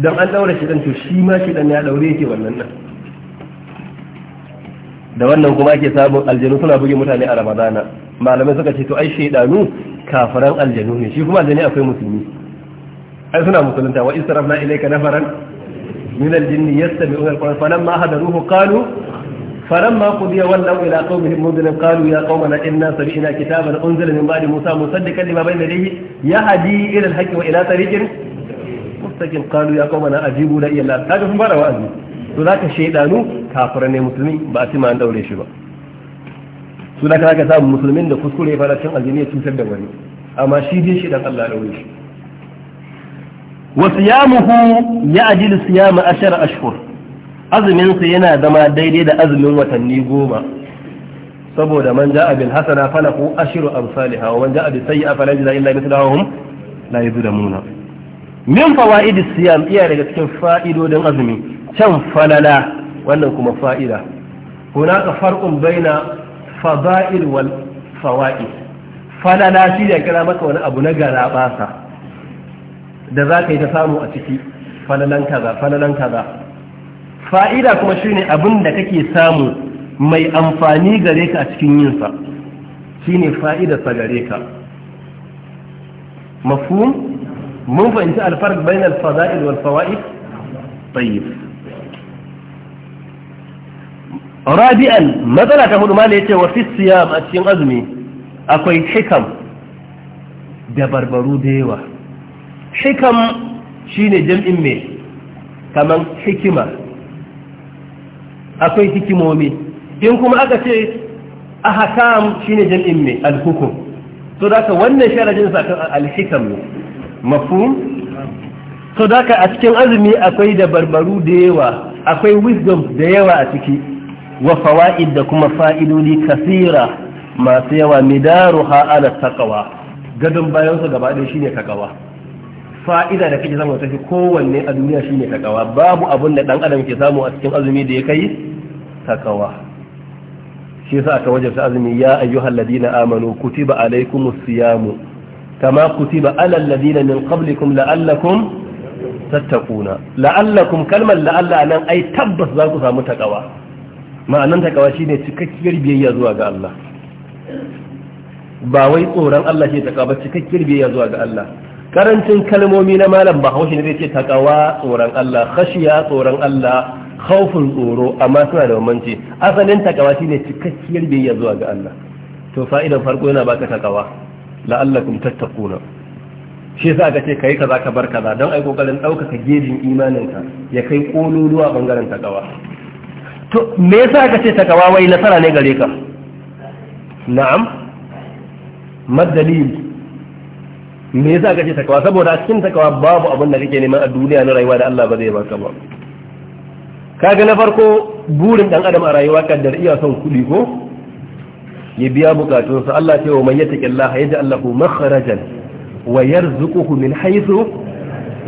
dan an daure shedan to shi ma shedan ya daure yake wannan nan da wannan kuma ake samun aljanu suna buge mutane a ramadana malamai suka ce to ai shaidanu kafaran aljanu ne shi kuma aljani akwai musulmi ai suna musulunta wa israfna ilayka nafaran min aljinni yastami'una alquran falamma hadaruhu qalu فلما قضي ولوا إلى قومهم منذرين قالوا يا قومنا إنا سمعنا كتابا أنزل من بعد موسى مصدقا لما بين يديه يهدي إلى الحق وإلى طريق مستقيم قالوا يا قومنا أجيبوا لي الله هذا هم بارا وأزمي So za ka shaidanu kafiran ne musulmi ba a cima an daure shi ba su za ka samu musulmin da kuskure ya fara cin aljini ya cutar da wani amma shi dai shi dan Allah daure shi wa siyamuhu ya'jilu siyama ashara ashhur azumin sa yana zama daidai da azumin watanni goma saboda man ja'a bil hasana falahu ashru amsalha wa man ja'a bis sayyi'a falan jaza illa mithlahum la yudramuna min fawaidis siyam iya daga cikin fa'idodin azumi can falala wannan kuma fa'ida hunaka farqun baina fada'il wal fawaid falala shi da kira maka wani abu na garabasa da za ka yi ta samu a ciki falalan kaza falalan kaza fa'ida kuma shine abin da kake samu mai amfani gare ka a cikin yinsa shine fa'idarsa gare ka mafhum mun fahimci alfarq bainal fada'il wal fawaid tayyib rabi'an matsala ta hudu mala yace wa fi siyam a cikin azumi akwai hikam da barbaru da yawa hikam shine jam'in me kaman hikima akwai hikimomi in kuma aka ce a ahkam shine jam'in me alhukum hukum to da wannan sharajin sa al-hikam ne mafhum to da a cikin azumi akwai da barbaru da yawa akwai wisdom da yawa a ciki wa fawaid da kuma fa'idodi kasira masu yawa midaruha ala taqwa gadon bayan su gaba ɗaya shine taqwa fa'ida da kake samu tafi kowanne a duniya shine taqwa babu abun da dan adam ke samu a cikin azumi da ya kai taqwa shi yasa aka wajabta azumi ya ayyuhal ladina amanu kutiba alaykumus siyamu kama kutiba alal ladina min qablikum la'allakum tattaquna la'allakum kalmar la'alla nan ai tabbas za ku samu takawa ma'anan takawa shine cikakkiyar biyayya zuwa ga Allah ba wai tsoron Allah ke takawa ba cikakkiyar biyayya zuwa ga Allah karancin kalmomi na malam Bahaushe haushi ne zai ce takawa tsoron Allah khashiya tsoron Allah khaufin tsoro amma suna da bambanci asalin takawa shine cikakkiyar biyayya zuwa ga Allah to fa'idan farko yana baka takawa la'allakum tattaquna shi yasa aka ce kai kaza ka bar kaza don ai kokarin ɗaukaka gejin imaninka ya kai kololuwa bangaren takawa to me yasa ka ce takawa wai nasara ne gare ka na'am madalil me yasa ka ce takawa saboda a cikin takawa babu abin da kake neman a duniya na rayuwa da Allah ba zai baka ba kaga na farko burin dan adam a rayuwa kaddar iya son kuɗi ko ya biya bukatunsa Allah ce wa man Allah yaj'al lahu makhrajan wa yarzuquhu min haythu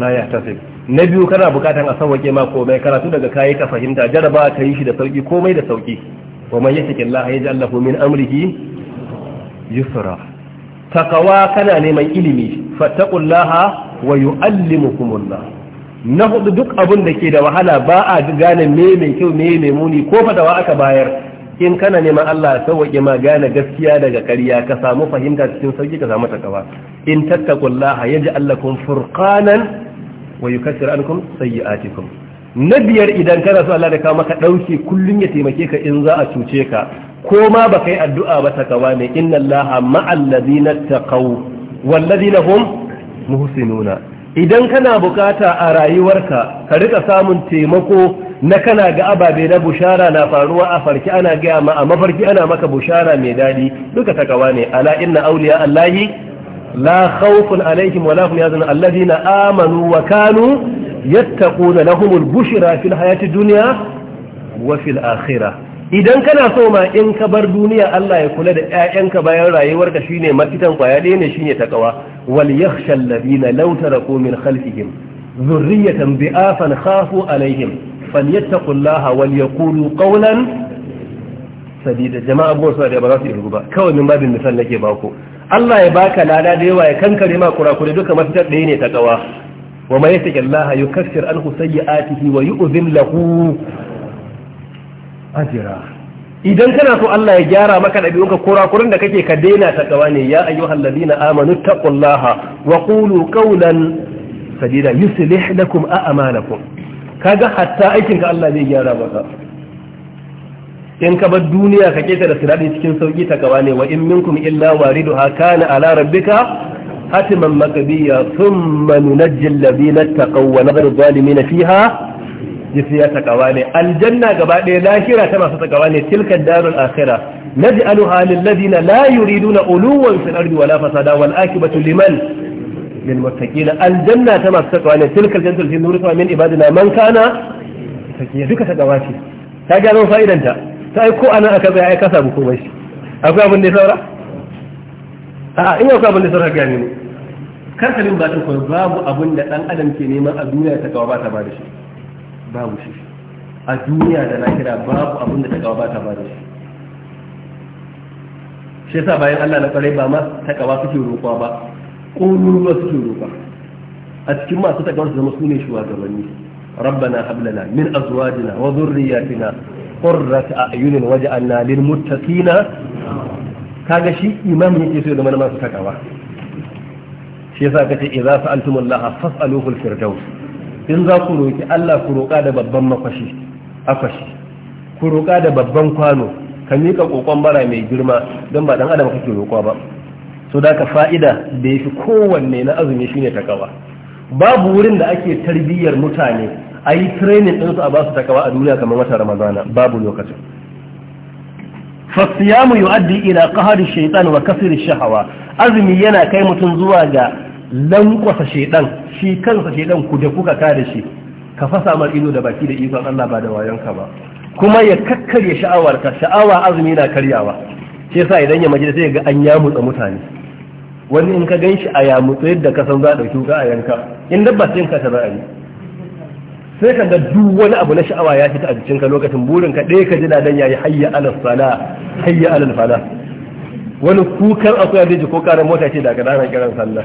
la yahtasib na biyu kana bukatan a sauwake ma komai karatu daga kayi ka fahimta jaraba ka yi shi da sauki komai da sauki wa man yashki Allah ya jalla hu min amrihi yusra taqwa kana neman ilimi fattaqullaha wa yuallimukumullah na hudu duk abun da ke da wahala ba a gane me mai kyau me mai muni ko fadawa aka bayar in kana neman Allah ya sauke ma gane gaskiya daga ƙarya ka samu fahimta cikin sauki ka samu takawa in tattaqullaha yaj'al lakum furqanan wa yukaffir ankum sayyi'atikum na biyar idan kana so Allah da maka ɗauki kullun ya taimake ka in za a cuce ka ko ma ba kai addu'a ba takawa ne inna Allaha ma'al ladina taqaw wal ladina hum muhsinuna idan kana bukata a rayuwarka ka rika samun taimako na kana ga ababe na bushara na faruwa a farki ana gaya ma a mafarki ana maka bushara mai daɗi duka takawa ne ala inna auliya allahi la khawfun alaihim wa lahum yazun alladhina amanu wa kanu yattaquna lahumul bushra fil hayati dunya wa fil idan kana so ma in ka bar duniya Allah ya kula da ƴaƴanka bayan rayuwarka shine mafitan kwaya ɗaya ne shine takawa wal yakhsha alladhina law taraku min khalfihim dhurriyatan bi'afan khafu alaihim falyattaqullaha wal yaqulu qawlan sadida jama'a bo sa da ba za su yi ba kawai min babin misal nake bako Allah ya baka lada da yawa ya kankare ma kurakure duka mafitar ɗaya ne ta kawa wa mai yasa Allah ya kafir an sayyi'atihi wa yu'zim lahu ajra idan kana so Allah ya gyara maka ɗabi'unka kurakuren da kake ka daina ta kawa ne ya ayyuhal ladina amanu taqullaha wa qulu qawlan sadida yuslih lakum a'malakum kaga hatta aikin ka Allah zai gyara maka in ka bar duniya ka keta da siradi cikin sauki ta gaba ne wa in minkum illa wariduha kana ala rabbika hatiman maqdiya thumma nunajji alladhina taqaw wa nadharu zalimin fiha jisiya ta gaba ne aljanna gaba ɗaya lahira ta masu ta gaba ne tilka darul akhira naj'aluha lil ladina la yuriduna uluwan fil ardi wala fasada wal akibatu liman lil muttaqina aljanna ta masu ta gaba ne tilka jannatul fi nurisa min ibadina man kana take duka ta gaba ce ta gano fa'idanta sai ko ana aka bai ai ka samu komai akwai abin da ya saura a in akwai abin da ya saura gani ne karkarin ta kuma babu abin da dan adam ke neman a duniya ta kawo ba ta ba da shi babu shi a duniya da na kira babu abin da ta kawo ba ta ba da shi shi yasa bayan Allah na kwarai ba ma kawo suke roƙwa ba ruwa suke roƙwa a cikin masu takawar su zama su ne shugabanni rabbana hablana min azwajina wa zurriyatina qurrat a'yunin waj'alna lil muttaqina kaga shi imam yake so ya zama masu takawa shi yasa kace idza sa'altumullaha fas'aluhu al-firdaus in za ku roki Allah ku roka da babban makwashi akwashi ku roka da babban kwano ka mika kokon bara mai girma don ba dan adam kake roƙa ba so da ka fa'ida da yafi kowanne na azumi shine takawa babu wurin da ake tarbiyar mutane a yi training ɗinsu a basu takawa a duniya kamar wata ramadana babu lokacin fasiyamu yu'addi ila qahari shaytan wa kasri shahawa azumi yana kai mutum zuwa ga lankwasa shaytan shi kansa shaytan ku da kuka kare shi ka fasa mar ido da baki da ikon Allah ba da wayonka ba kuma ya kakkarya sha'awarka sha'awa azumi na karyawa shi yasa idan ya maji ya ga an yamutsa mutane wani in ka ganshi a yamutsa yadda ka san za a dauki ka a yanka in dabba sai ka ta yi sai ka ga duk wani abu na sha'awa ya fita a jikinka lokacin burin ka ɗaya ka ji ladan yayi hayya alal sala hayya alal fala wani kukan akwai da ko karan mota ce daga ranar kiran sallah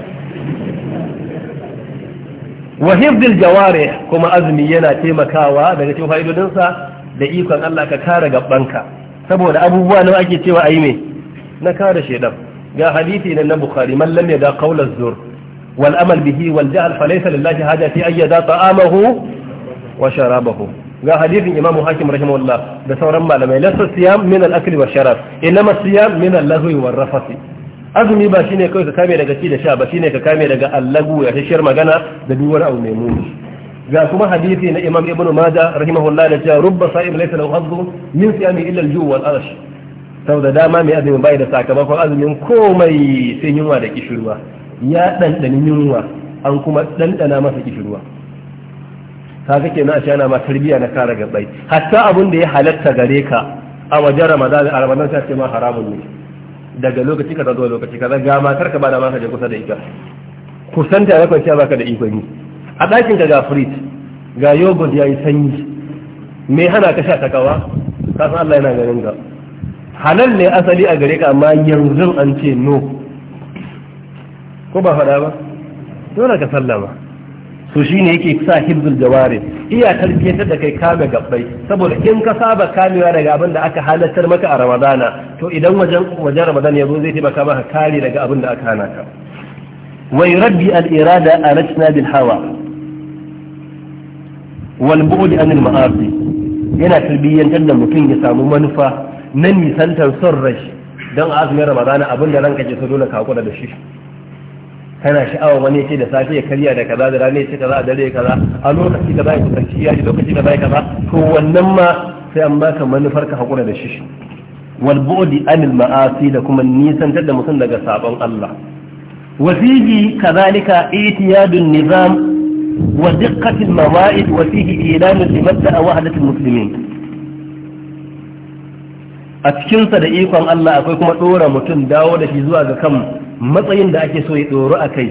wa hifdil jawari kuma azumi yana taimakawa daga cikin sa da ikon Allah ka kare gabbanka saboda abubuwa nawa ake cewa ayi me na kare shedan ga hadisi na bukhari man lam yada qawla zur wal amal bihi wal jahl falaysa lillahi haja fi ayyada ta'amahu wa sharabahu ga hadisin imamu hakim rahimahullah da sauran malamai lasa siyam min al-akli wa sharab inma siyam min al-lahwi wa rafasi azumi ba shine kawai ka kame daga ci da sha ba shine ka kame daga allagu ya tashiyar magana da biwar au abu ga kuma hadisi na imam ibn majah rahimahullah da cewa rubba sa'im laysa lahu hadd min siyam illa al-ju al arsh da dama mai azumi bai da sakamakon azumin komai sai yunwa da kishirwa ya dandani yunwa an kuma dandana masa kishirwa kaga kake na ce ana ma tarbiya na kare gabai hatta abun da ya halatta gare ka a wajen ramadan a ramadan ta ce ma haramun ne daga lokaci ka zo lokaci ka ga matar ka ba da ma ka je kusa da ita kusanta ya kwanciya baka da iko ni a ɗakin ka ga frit ga yogurt yayi sanyi me hana ka sha takawa ka san Allah yana ganin ka halal ne asali a gare ka amma yanzu an ce no ko ba faɗa ba dole ka sallama to ne yake sa hibzul jawari iyakar ketar da kai kame gabbai saboda in ka saba kamewa daga abin da aka halartar maka a ramadana to idan wajen wajen ramadana ya zo zai taimaka maka kare daga abin da aka hana ka wa yurabbi al irada aratna bil hawa wal bu'd an ma'asi yana tarbiyyantar da mutum ya samu manufa na nisantar son rashi don azumin ramadana abin da ranka ke so dole ka hakura da shi kana sha'awa wani yake da safe ya karya da kaza da rana ya ce kaza a dare kaza a lokaci kaza ya kusanci ya ji lokaci kaza ya kaza to wannan ma sai an baka manufar ka hakura da shi wal bu'di anil ma'asi da kuma nisantar da mutum daga sabon Allah wa fihi kadhalika itiyadun nizam wa diqqatil mawa'id wa fihi ilanu limadda wahdatil muslimin a cikinsa da ikon Allah akwai kuma dora mutum dawo da shi zuwa ga kan matsayin da ake so ya tsoro a kai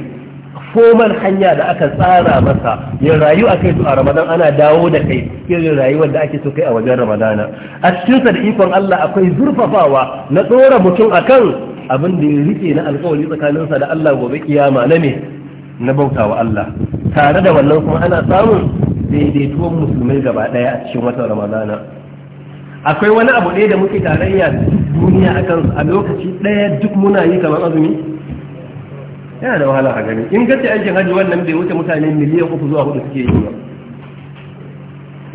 foman hanya da aka tsara masa ya rayu a kai su a ramadan ana dawo da kai irin rayuwar da ake so kai a wajen ramadana a cikinsa da ikon allah akwai zurfafawa na tsora mutum akan abin da ya rike na alkawari tsakaninsa da allah gobe kiyama na me na bautawa allah tare da wannan kuma ana samun daidaituwan musulmai gaba ɗaya a cikin watan ramadana akwai wani abu ɗaya da muke tarayya duniya a kansu a lokaci ɗaya duk muna yi kamar azumi yana da wahala a gani in kace aikin hajji wannan bai wuce mutane miliyan uku zuwa hudu suke yi ba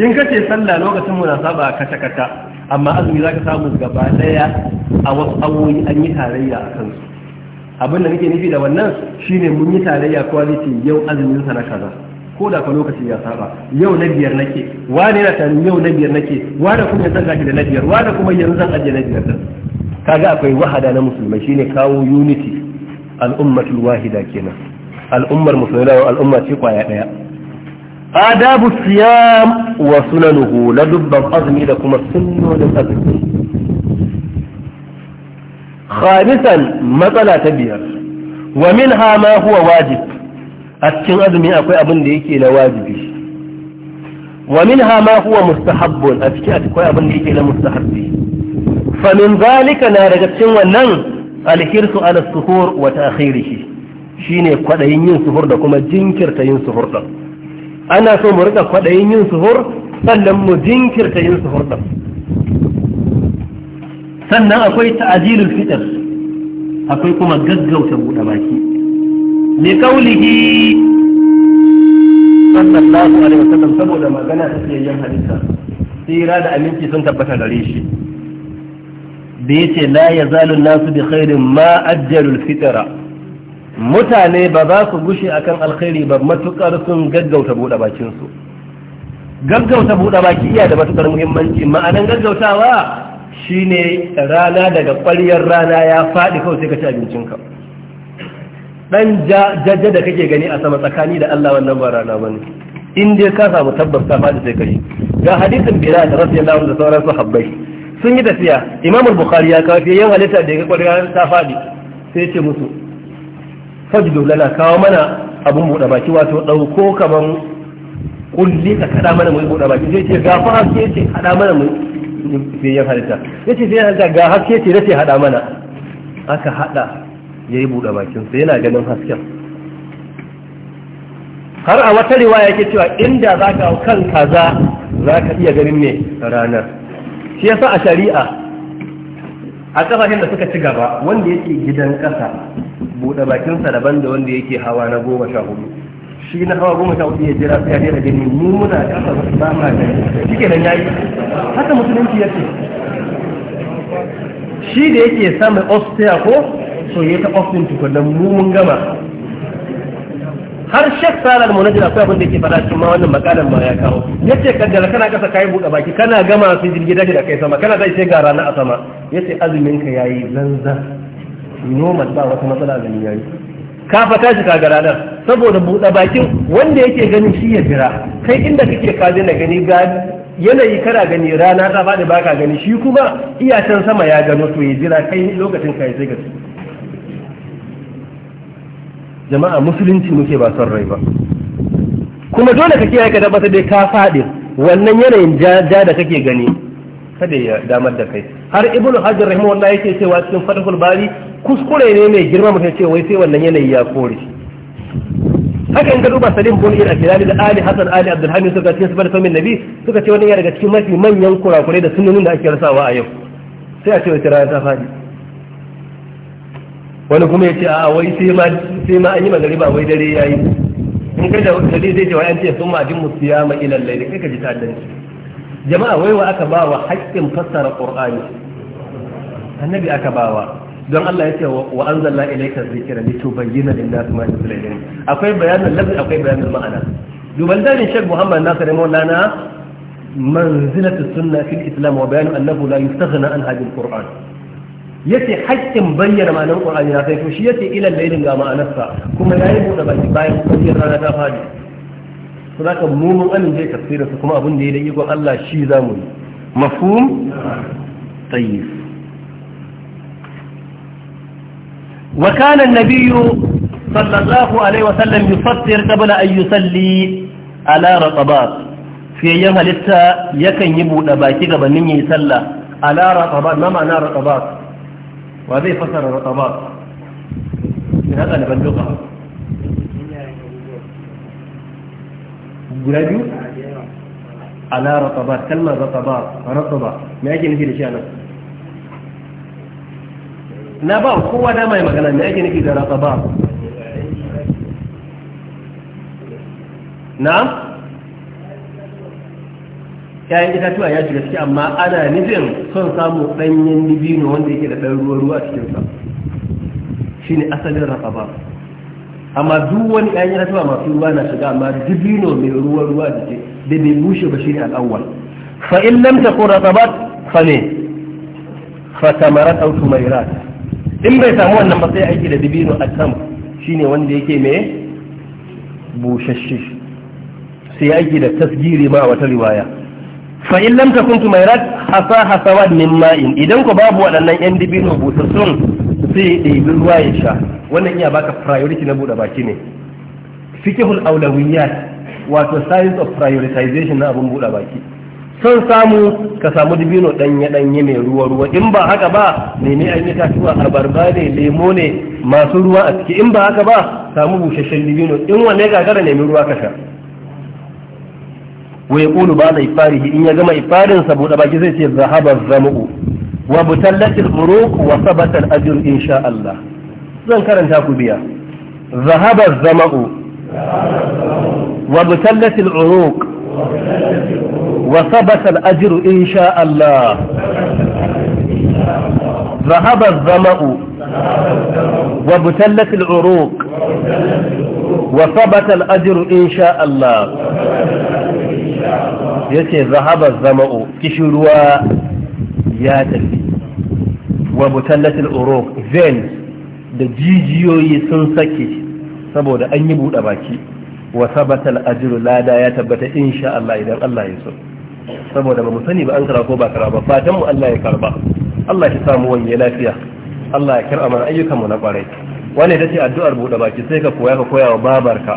in kace sallah lokacin muna saba kata kata amma azumi zaka samu gaba ɗaya a wasu awoyi an yi tarayya a kansu abin da nake nufi da wannan shine mun yi tarayya kwaliti yau azumin na kaza ko da fa lokaci ya saba yau na biyar nake wani yana tarin yau na biyar nake wani kuma ya san gashi da na biyar wani kuma yanzu zan ajiye na biyar din kaga akwai wahada na musulmai shine kawo unity al'ummatul wahida kenan al'ummar musulmai al'umma ce kwaya daya adabu siyam wa sunanuhu la dubban azumi da kuma sunnonin azumi khamisan matsala ta biyar wa minha ma huwa wajib a cikin azumi akwai abin da yake na wajibi wa minha ma huwa mustahabbun a cikin akwai abin da yake na mustahabbi fa min zalika na daga cikin wannan alhirsu ala suhur wa ta'khirihi shine kwadayin yin suhur da kuma jinkirta yin suhur ana so mu rika kwadayin yin suhur sannan mu jinkirta yin suhur din sannan akwai ta'dilul fitr akwai kuma gaggauta buɗe baki لقوله صلى الله عليه وسلم سبو لما aminci sun حديثا سيرا دا Bi سنتبتا لريشي بيتي لا يزال الناس بخير ما أجل الفترة mutane ba za su gushe akan alkhairi ba matukar sun gaggauta buɗe bakin gaggauta buɗe baki iya da matukar muhimmanci ma'anan gaggautawa shine rana daga ƙwaryar rana ya faɗi kawai sai ka ci abincinka dan jajja da kake gani a sama tsakani da Allah wannan ba rana bane in dai ka samu tabbas ka fadi sai kai ga hadisin da radiyallahu anhu da sauran sahabbai sun yi tafiya imamu bukhari ya kawo yan halitta da ya kwarar ta fadi sai ya ce musu fajdu lana kawo mana abun buɗe baki wato dauko kaman kulli ka kada mana mu buɗe baki sai ce ga fa sai ce kada mana mu sai yan halitta sai yan halitta ga haske ce da ce hada mana aka hada ya yi buɗe bakinsa yana ganin hasken har a wata riwaya ke cewa inda za ka kan kaza za ka iya ganin ne ranar shi yasa a shari'a a kasashen da suka ci gaba wanda yake gidan ƙasa buɗe bakinsa daban da wanda yake hawa na goma sha hudu shi na hawa goma sha hudu ya jira sai ya daina gani mu muna ƙasa ba ma gani shi ya yi haka musulunci ya ce shi da yake samun austria ko so ya ta ofin tukunan mu mun gama har shek salar jira akwai abin da ke fara cikin ma wannan ma ya kawo yace kaddara kana kasa kai buɗe baki kana gama su jirgi daji da kai sama kana zai sai ga rana a sama yace azumin ka yayi zanza normal ba wata matsala azumin yayi ka fata shi kaga ranar saboda buɗe bakin wanda yake ganin shi ya jira kai inda kake ka na gani ga yanayi kana gani rana ta faɗi baka gani shi kuma iyacen sama ya gano to ya jira kai lokacin kai sai ka jama'a musulunci muke ba son rai ba kuma dole ka kiyaye ka tabbatar da ka faɗi wannan yanayin ja da kake gani kada ya damar da kai har ibnu hajar rahimahullah yake cewa cikin fatahul bari kuskure ne mai girma mutum ce wai sai wannan yanayi ya kore haka in ka duba salim bin ira akilali da ali hasan ali abdulhamid suka ce sabar bar famin nabi suka ce wannan ya daga cikin mafi manyan kurakurai da sunanin da ake rasawa a yau sai a ce wai rana ta faɗi wani kuma ya ce a wai sai ma an yi magariba wai dare ya yi in kai da dare zai ce wai an ce sun ma jin musu ya mai ilallai da kai ka ji ta'addanci jama'a wai wa aka ba wa haƙƙin fassara qur'ani annabi aka ba wa don Allah ya ce wa anzalna ilayka dhikra litubayyana lin-nasi ma nuzila ilayhim akwai bayanin lafzi akwai bayanin ma'ana duban dalin Sheikh Muhammad Nasir Maulana manzilatu sunna fil islam wa bayanu annahu la yustaghna an hadhihi al-qur'an yace haƙƙin bayyana ma'anar qur'ani na sai to shi yace ilal laylin ga ma'anarsa kuma yayi bude baki bayan kwanciyar rana ta fadi to zaka mu mun amince tafsirin su kuma abin da ya da ikon Allah shi zamu yi mafhum tayyib wa kana an-nabiy sallallahu alaihi wa sallam yufassir qabla an yusalli ala raqabat fiyayyan halitta yakan yi bude baki gabanin yi sallah ala raqabat ma ma'ana raqabat wa zai fasara ratabat ina ɗaliban duka guda biyu ala ratabat kalmar ratabat ratabat me ake nufi da shi a nan na ba kowa dama ya magana me ake nufi da ratabat na Ya'yan itatuwa ya shiga ciki amma ana nufin son samu ɗanyen libino wanda yake da ɗan ruwa ruwa a cikinsa shi ne asalin ba. amma duk wani ƴaƴan itatuwa masu ruwa na shiga amma libino mai ruwa ruwa da ke, da bai bushe ba shi ne al'awwal fa in lam ta ba fa ne fa wuce mai rat in bai samu wannan ba sai aiki da libino a shi shine wanda yake mai shi, sai aiki da tasgiri ma a wata riwaya fa in lam takun tumairat hasa hasawad min ma'in idan ko babu waɗannan yan dibino busassun sai ɗebi ruwa ya sha wannan iya baka priority na buɗe baki ne fikihul aulawiyat wato science of prioritization na abun buɗe baki son samu ka samu dibino ɗanye ɗanye mai ruwa ruwa in ba haka ba nemi an itatuwa abarba ne lemo ne masu ruwa a ciki in ba haka ba samu busasshen dibino in wanne gagara nemi ruwa ka sha wa ba ba'da ifarihi in ya gama ifarin sa bude baki zai ce zahaba zamu wa butallatil buruq wa sabata ajr insha Allah zan karanta ku biya zahaba zamu wa butallatil uruq wa sabata al ajr insha Allah ذهب الظمأ وابتلت العروق وثبت الأجر إن insha Allah. ya ce zahaba zama'u kishiruwa ya tafi wa butallatul uruk zen da jijiyoyi sun sake saboda an yi buɗe baki wa sabatal ajru lada ya tabbata insha Allah idan Allah ya so saboda ba mu sani ba an kara ko ba kara ba fatan mu Allah ya karba Allah ya samu wani lafiya Allah ya kira mana ayyukan mu na kwarai wani ta ce addu'ar buɗe baki sai ka koya ka koya wa babarka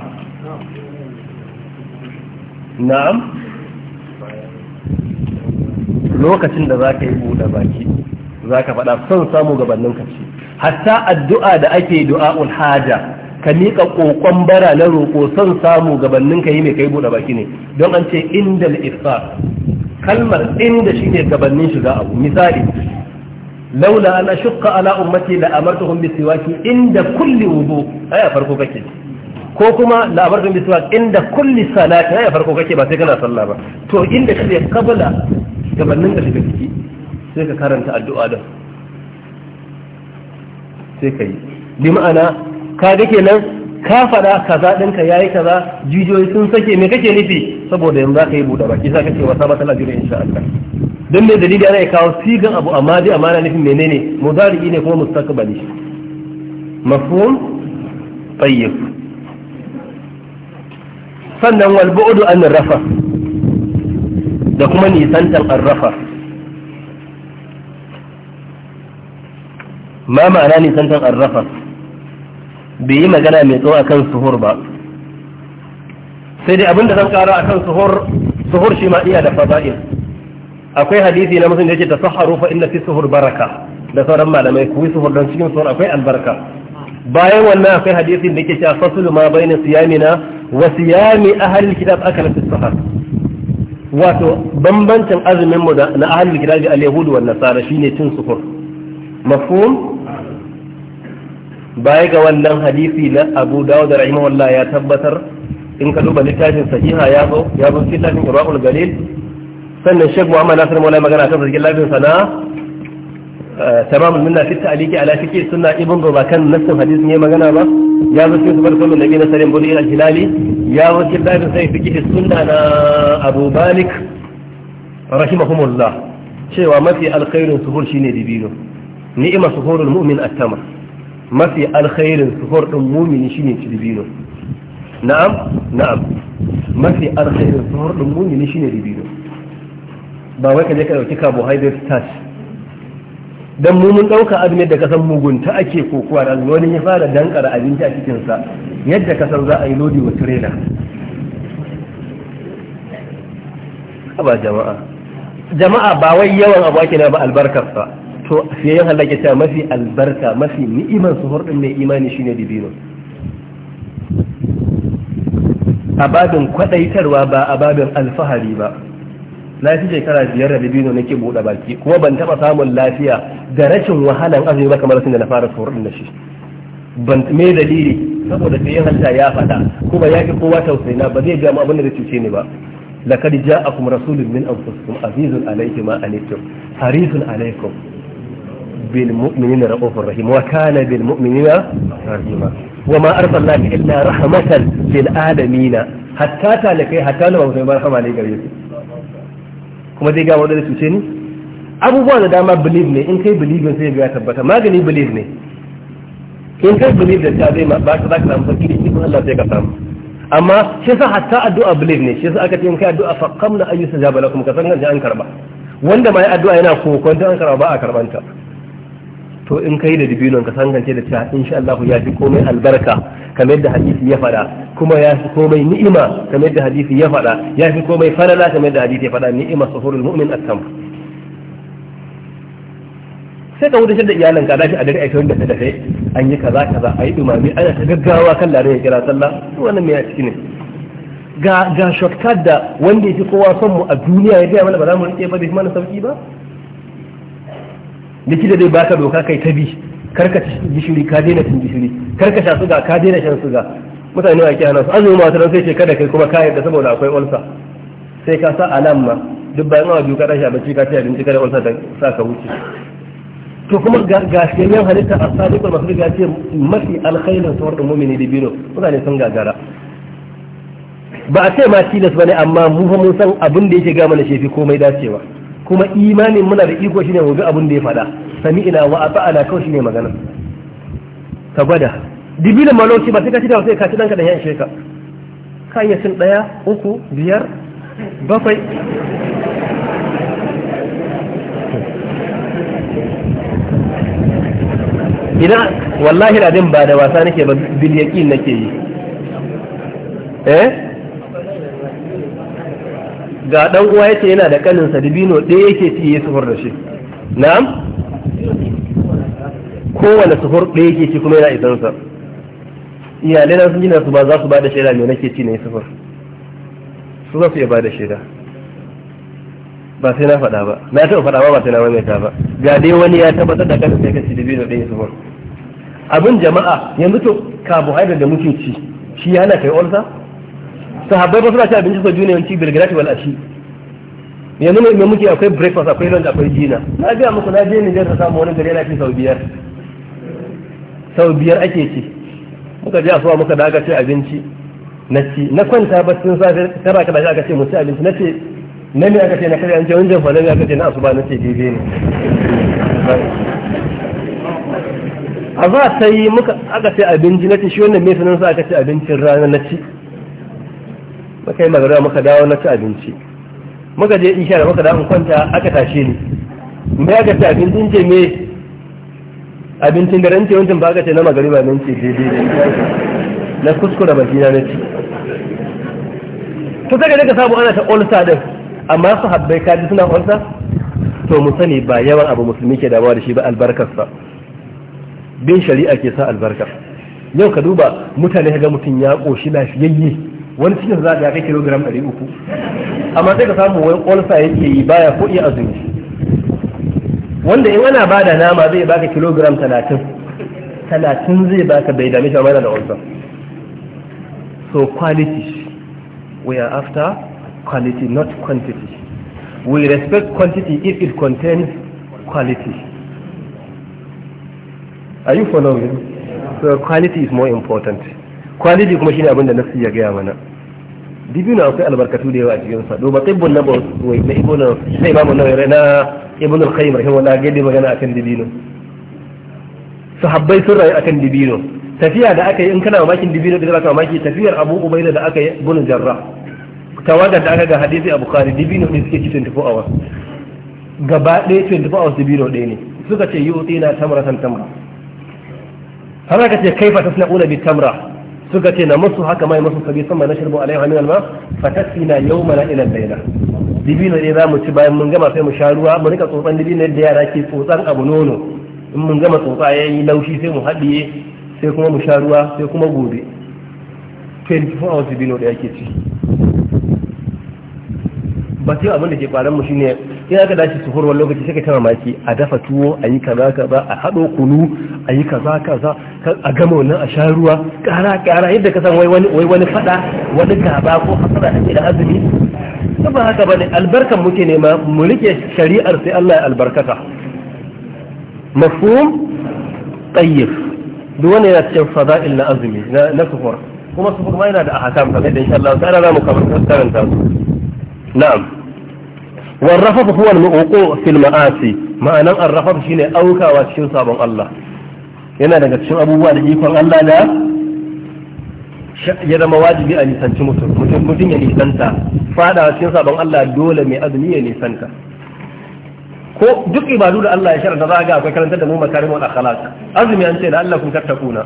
na'am lokacin da za ka yi buɗe baki za ka faɗa son samu gabanin ka ce hatta addu'a da ake du'a'ul haja ka miƙa ƙoƙon bara na roƙo son samu gabanin ka yi mai kai buɗe baki ne don an ce indal isa kalmar inda shi ne gabanin shiga abu misali laula ana shukka ala ummati la amartuhum bi siwaki inda kulli wudu aya farko kake ko kuma la amartuhum bi siwaki inda kulli salati aya farko kake ba sai kana sallah ba to inda shi ne qabla gabanin ka shiga ciki sai ka karanta addu'a da sai ka yi bi ma'ana ka ga kenan ka faɗa kaza ɗinka ya yi kaza jijiyoyi sun sake me kake nufi saboda yanzu za ka yi buɗe baki za ka ce wasa matsala jira insha Allah don me dalili ana kawo sigan abu amma dai amana nufin menene muzari ne kuma mustaqbali mafhum tayyib sannan wal bu'du an rafa da kuma nisantan arrafa ma ma'ana nisantan arrafa bai yi magana mai tsawo akan suhur ba sai dai abinda zan kara akan suhur suhur shi ma iya da fada'il akwai hadisi na musulun da yake tasahharu fa inna fi suhur baraka da sauran malamai ku yi suhur don cikin suhur akwai albarka bayan wannan akwai hadisi da yake cewa fasulu ma bayna siyamina wa siyami ahli kitab akala fi sahar wato bambancin azumin mu na ahlul kitabi al-yahud wa nasara shine cin sufur mafhum baya ga wannan hadisi na Abu Dawud rahimahullah ya tabbatar in ka duba littafin sahiha ya zo ya zo littafin Irwaul Galil sannan Sheikh Muhammad Nasir Maulana magana ta zargin lafin sana tamamul minna fi ta'liqi ala fiqh sunna ibn ba kan nassin hadisi ne magana ba ya zo cikin zubar sunan nabi na sarin bulu ila hilali ya zo cikin dafin sai fiqh na abu malik rahimahumullah cewa mafi alkhairin suhur shine dibino ni'ima suhurul mu'min at-tamr mafi alkhairin suhur din mu'mini shine dibino na'am na'am mafi alkhairin suhur din mu'mini shine dibino ba ka je ka dauki carbohydrate starch dan mu mun dauka azumi da kasan mugunta ake kokuwa da azumi wani ya fara dankara abinci a cikin sa yadda kasan za a yi lodi wa trailer ba jama'a jama'a ba wai yawan abu ake na ba albarkar sa to sai yan halaka ta mafi albarka mafi ni'imar su din mai imani shine dibino a babin kwadaitarwa ba ababin alfahari ba na fi shekara biyar da libino nake buɗe baki kuma ban taɓa samun lafiya da rashin wahalan azumi ba kamar sun da na fara tsoron da shi ban me dalili saboda sai halitta ya faɗa kuma ya fi kowa tausayina ba zai gama abin da cuce ni ba laqad ja'akum rasulun min anfusikum azizun alayhi ma anittum harisun alaykum bil mu'minina ra'ufur rahim wa kana bil mu'minina rahima وما أرسلناك إلا رحمة للعالمين حتى تالكي حتى لو ما رحمة عليك kuma zai gama wadanda cuce ni abubuwa da dama believe ne in kai believe sai ga ya tabbata magani believe ne in kai believe da ta zai ma ba ka za ka samu fakiri kuma Allah sai ka samu amma shi sa hatta addu'a believe ne shi sa aka ce in kai addu'a faqamna ayyusa jabalakum ka san an karba wanda mai addu'a yana kokon an karba ba a karbanta to in kai da dibinon ka sangance da cewa insha Allah ya fi komai albarka kamar yadda hadisi ya faɗa kuma ya fi komai ni'ima kamar yadda hadisi ya faɗa ya fi komai falala kamar yadda hadisi ya faɗa ni'ima sahurul mu'min at-tam sai ka wuce da iyalan ka dashi a dare ai da dafe an yi kaza kaza ai dumami ana ta gaggawa kan lare ya kira sallah to wannan me ya ciki ne ga ga shortcut da wanda yake kowa son mu a duniya ya ga mana ba za mu rike ba da mana sauki ba likita zai baka doka kai ta bi karka ci gishiri ka daina cin gishiri karka sha suga ka daina shan suga mutane ki hana su azumi masu ran sai ce kada kai kuma ka yarda saboda akwai ulsa sai ka sa alam ma duk bayan awa biyu ka tashi abinci ka ci abinci kada ulsa ta sa ka wuce to kuma ga shiryen halitta a sadiqul masu ga ce mafi alkhairin suwar da mumini da bino mutane sun gagara ba a ce ma tilas bane amma mu fa mun san abin da yake ga mana shefi komai dacewa kuma imanin muna da iko shine mu ga abin da ya faɗa ina wa ala kawai shine magana ka gwada dibilin maloki ba sai ka ci da sai ka ci ka da yan sheka ka iya cin ɗaya uku biyar bakwai ina wallahi ladin ba da wasa nake ba bil yaqin nake yi eh ga dan uwa yace yana da kanin sa dibino ɗaya yake ci ya sufur da shi na'am kowane sufur ɗaya yake ci kuma yana isan sa iyalai na sun gina su ba za su bada shaida me nake ci ne sufur su za su iya bada shaida ba sai na faɗa ba na taɓa faɗa ba ba sai na maimaita ba ga dai wani ya tabbatar da kanin sai ka ci dibino ɗaya sufur abin jama'a yanzu to carbohydrate da muke ci shi yana kai olsa sahabbai ba suna ci abinci sau biyu ne yanci bilgirati wal ashi yanzu mai muke akwai breakfast akwai lunch akwai dina na biya muku na biya Nijar ta samu wani gari yana fi sau biyar sau biyar ake ci muka je asuwa muka daga ce abinci na ci na kwanta sun safe tara ka daga aka ce mu ci abinci na ce na me aka ce na kare an je wajen fa na me aka ce na asuba na ce bebe ne a za ta yi muka aka ce abinci na ce shi wannan me sanin sa aka ce abincin rana na ci muka yi magana muka dawo na ci abinci muka je isha da muka dawo kwanta aka tashe ni me aka ci abincin ce me abincin da rance wancan ba aka ce na ba nan ce daidai na kuskura baki na na ci to kaga daga samu ana ta olsa din amma su habbai kaji suna olsa to mu sani ba yawan abu musulmi ke damuwa da shi ba albarkar sa bin shari'a ke sa albarkar yau ka duba mutane ga mutum ya koshi lafiyayye wani cikin za a ga kai kilogram 300 amma sai ka samu wani kwalsa yake yi baya ko iya azumi wanda in ana bada nama zai baka kilogram 30 30 zai baka bai dami shi da kwalsa so quality we are after quality not quantity we respect quantity if it contains quality are you following so quality is more important quality kuma shine abin da nafsi ya gaya mana dibina akwai albarkatu da yawa a cikin sa duba tibbun na bawai na ibnu na imamu nawawi na ibnu al-qayyim rahimahullah ga da magana akan dibino sahabbai sun rayu akan dibino tafiya da aka yi in kana mamakin dibino da zaka mamaki tafiyar abu ubaida da aka yi bunu jarra tawagar da aka ga hadisi a bukhari dibino ne suke ci 24 hours gaba ɗaya 24 hours dibino ɗaya ne suka ce yi na tamra tamra har aka ce kaifa tasna'una bi tamra suka ce na musu haka mai masu sabi sama na shirbu alaiha fa tasina yawma la ila al-layla dibino ne zamu ci bayan mun gama sai mu sha ruwa mu rika tsotsan dibina da yara ke tsotsan abu nono in mun gama tsotsa yayi laushi sai mu haɗiye sai kuma mu sha sai kuma gobe 24 hours dibino da yake ci ba sai abin da ke faran mu shine in aka dace su horwar lokaci sai ta mamaki a dafa tuwo a yi kaza kaza a haɗo kunu a yi kaza kaza a gama wannan a sha ruwa ƙara ƙara yadda ka san wai wani wai wani faɗa wani gaba ko hasara ake da azumi ba haka bane albarkan muke nema mu rike shari'ar sai Allah ya albarkata mafhum tayyib duk wani yana cikin fada'il na azumi na sufur kuma sufur ma yana da ahkam kamar da insha Allah ta'ala za mu karanta su na'am warrafafa huwa al-uqu fil ma'asi ma'anan arrafaf shine aukawa cikin sabon Allah yana daga cikin abubuwa da ikon Allah da ya zama wajibi a nisanci mutum mutum ya nisanta fada cikin sabon Allah dole mai azumi ya nisanta ko duk ibadu da Allah ya sharanta za ga akwai karantar da mu da akhlaq azumi an ce da Allah kun tattakuna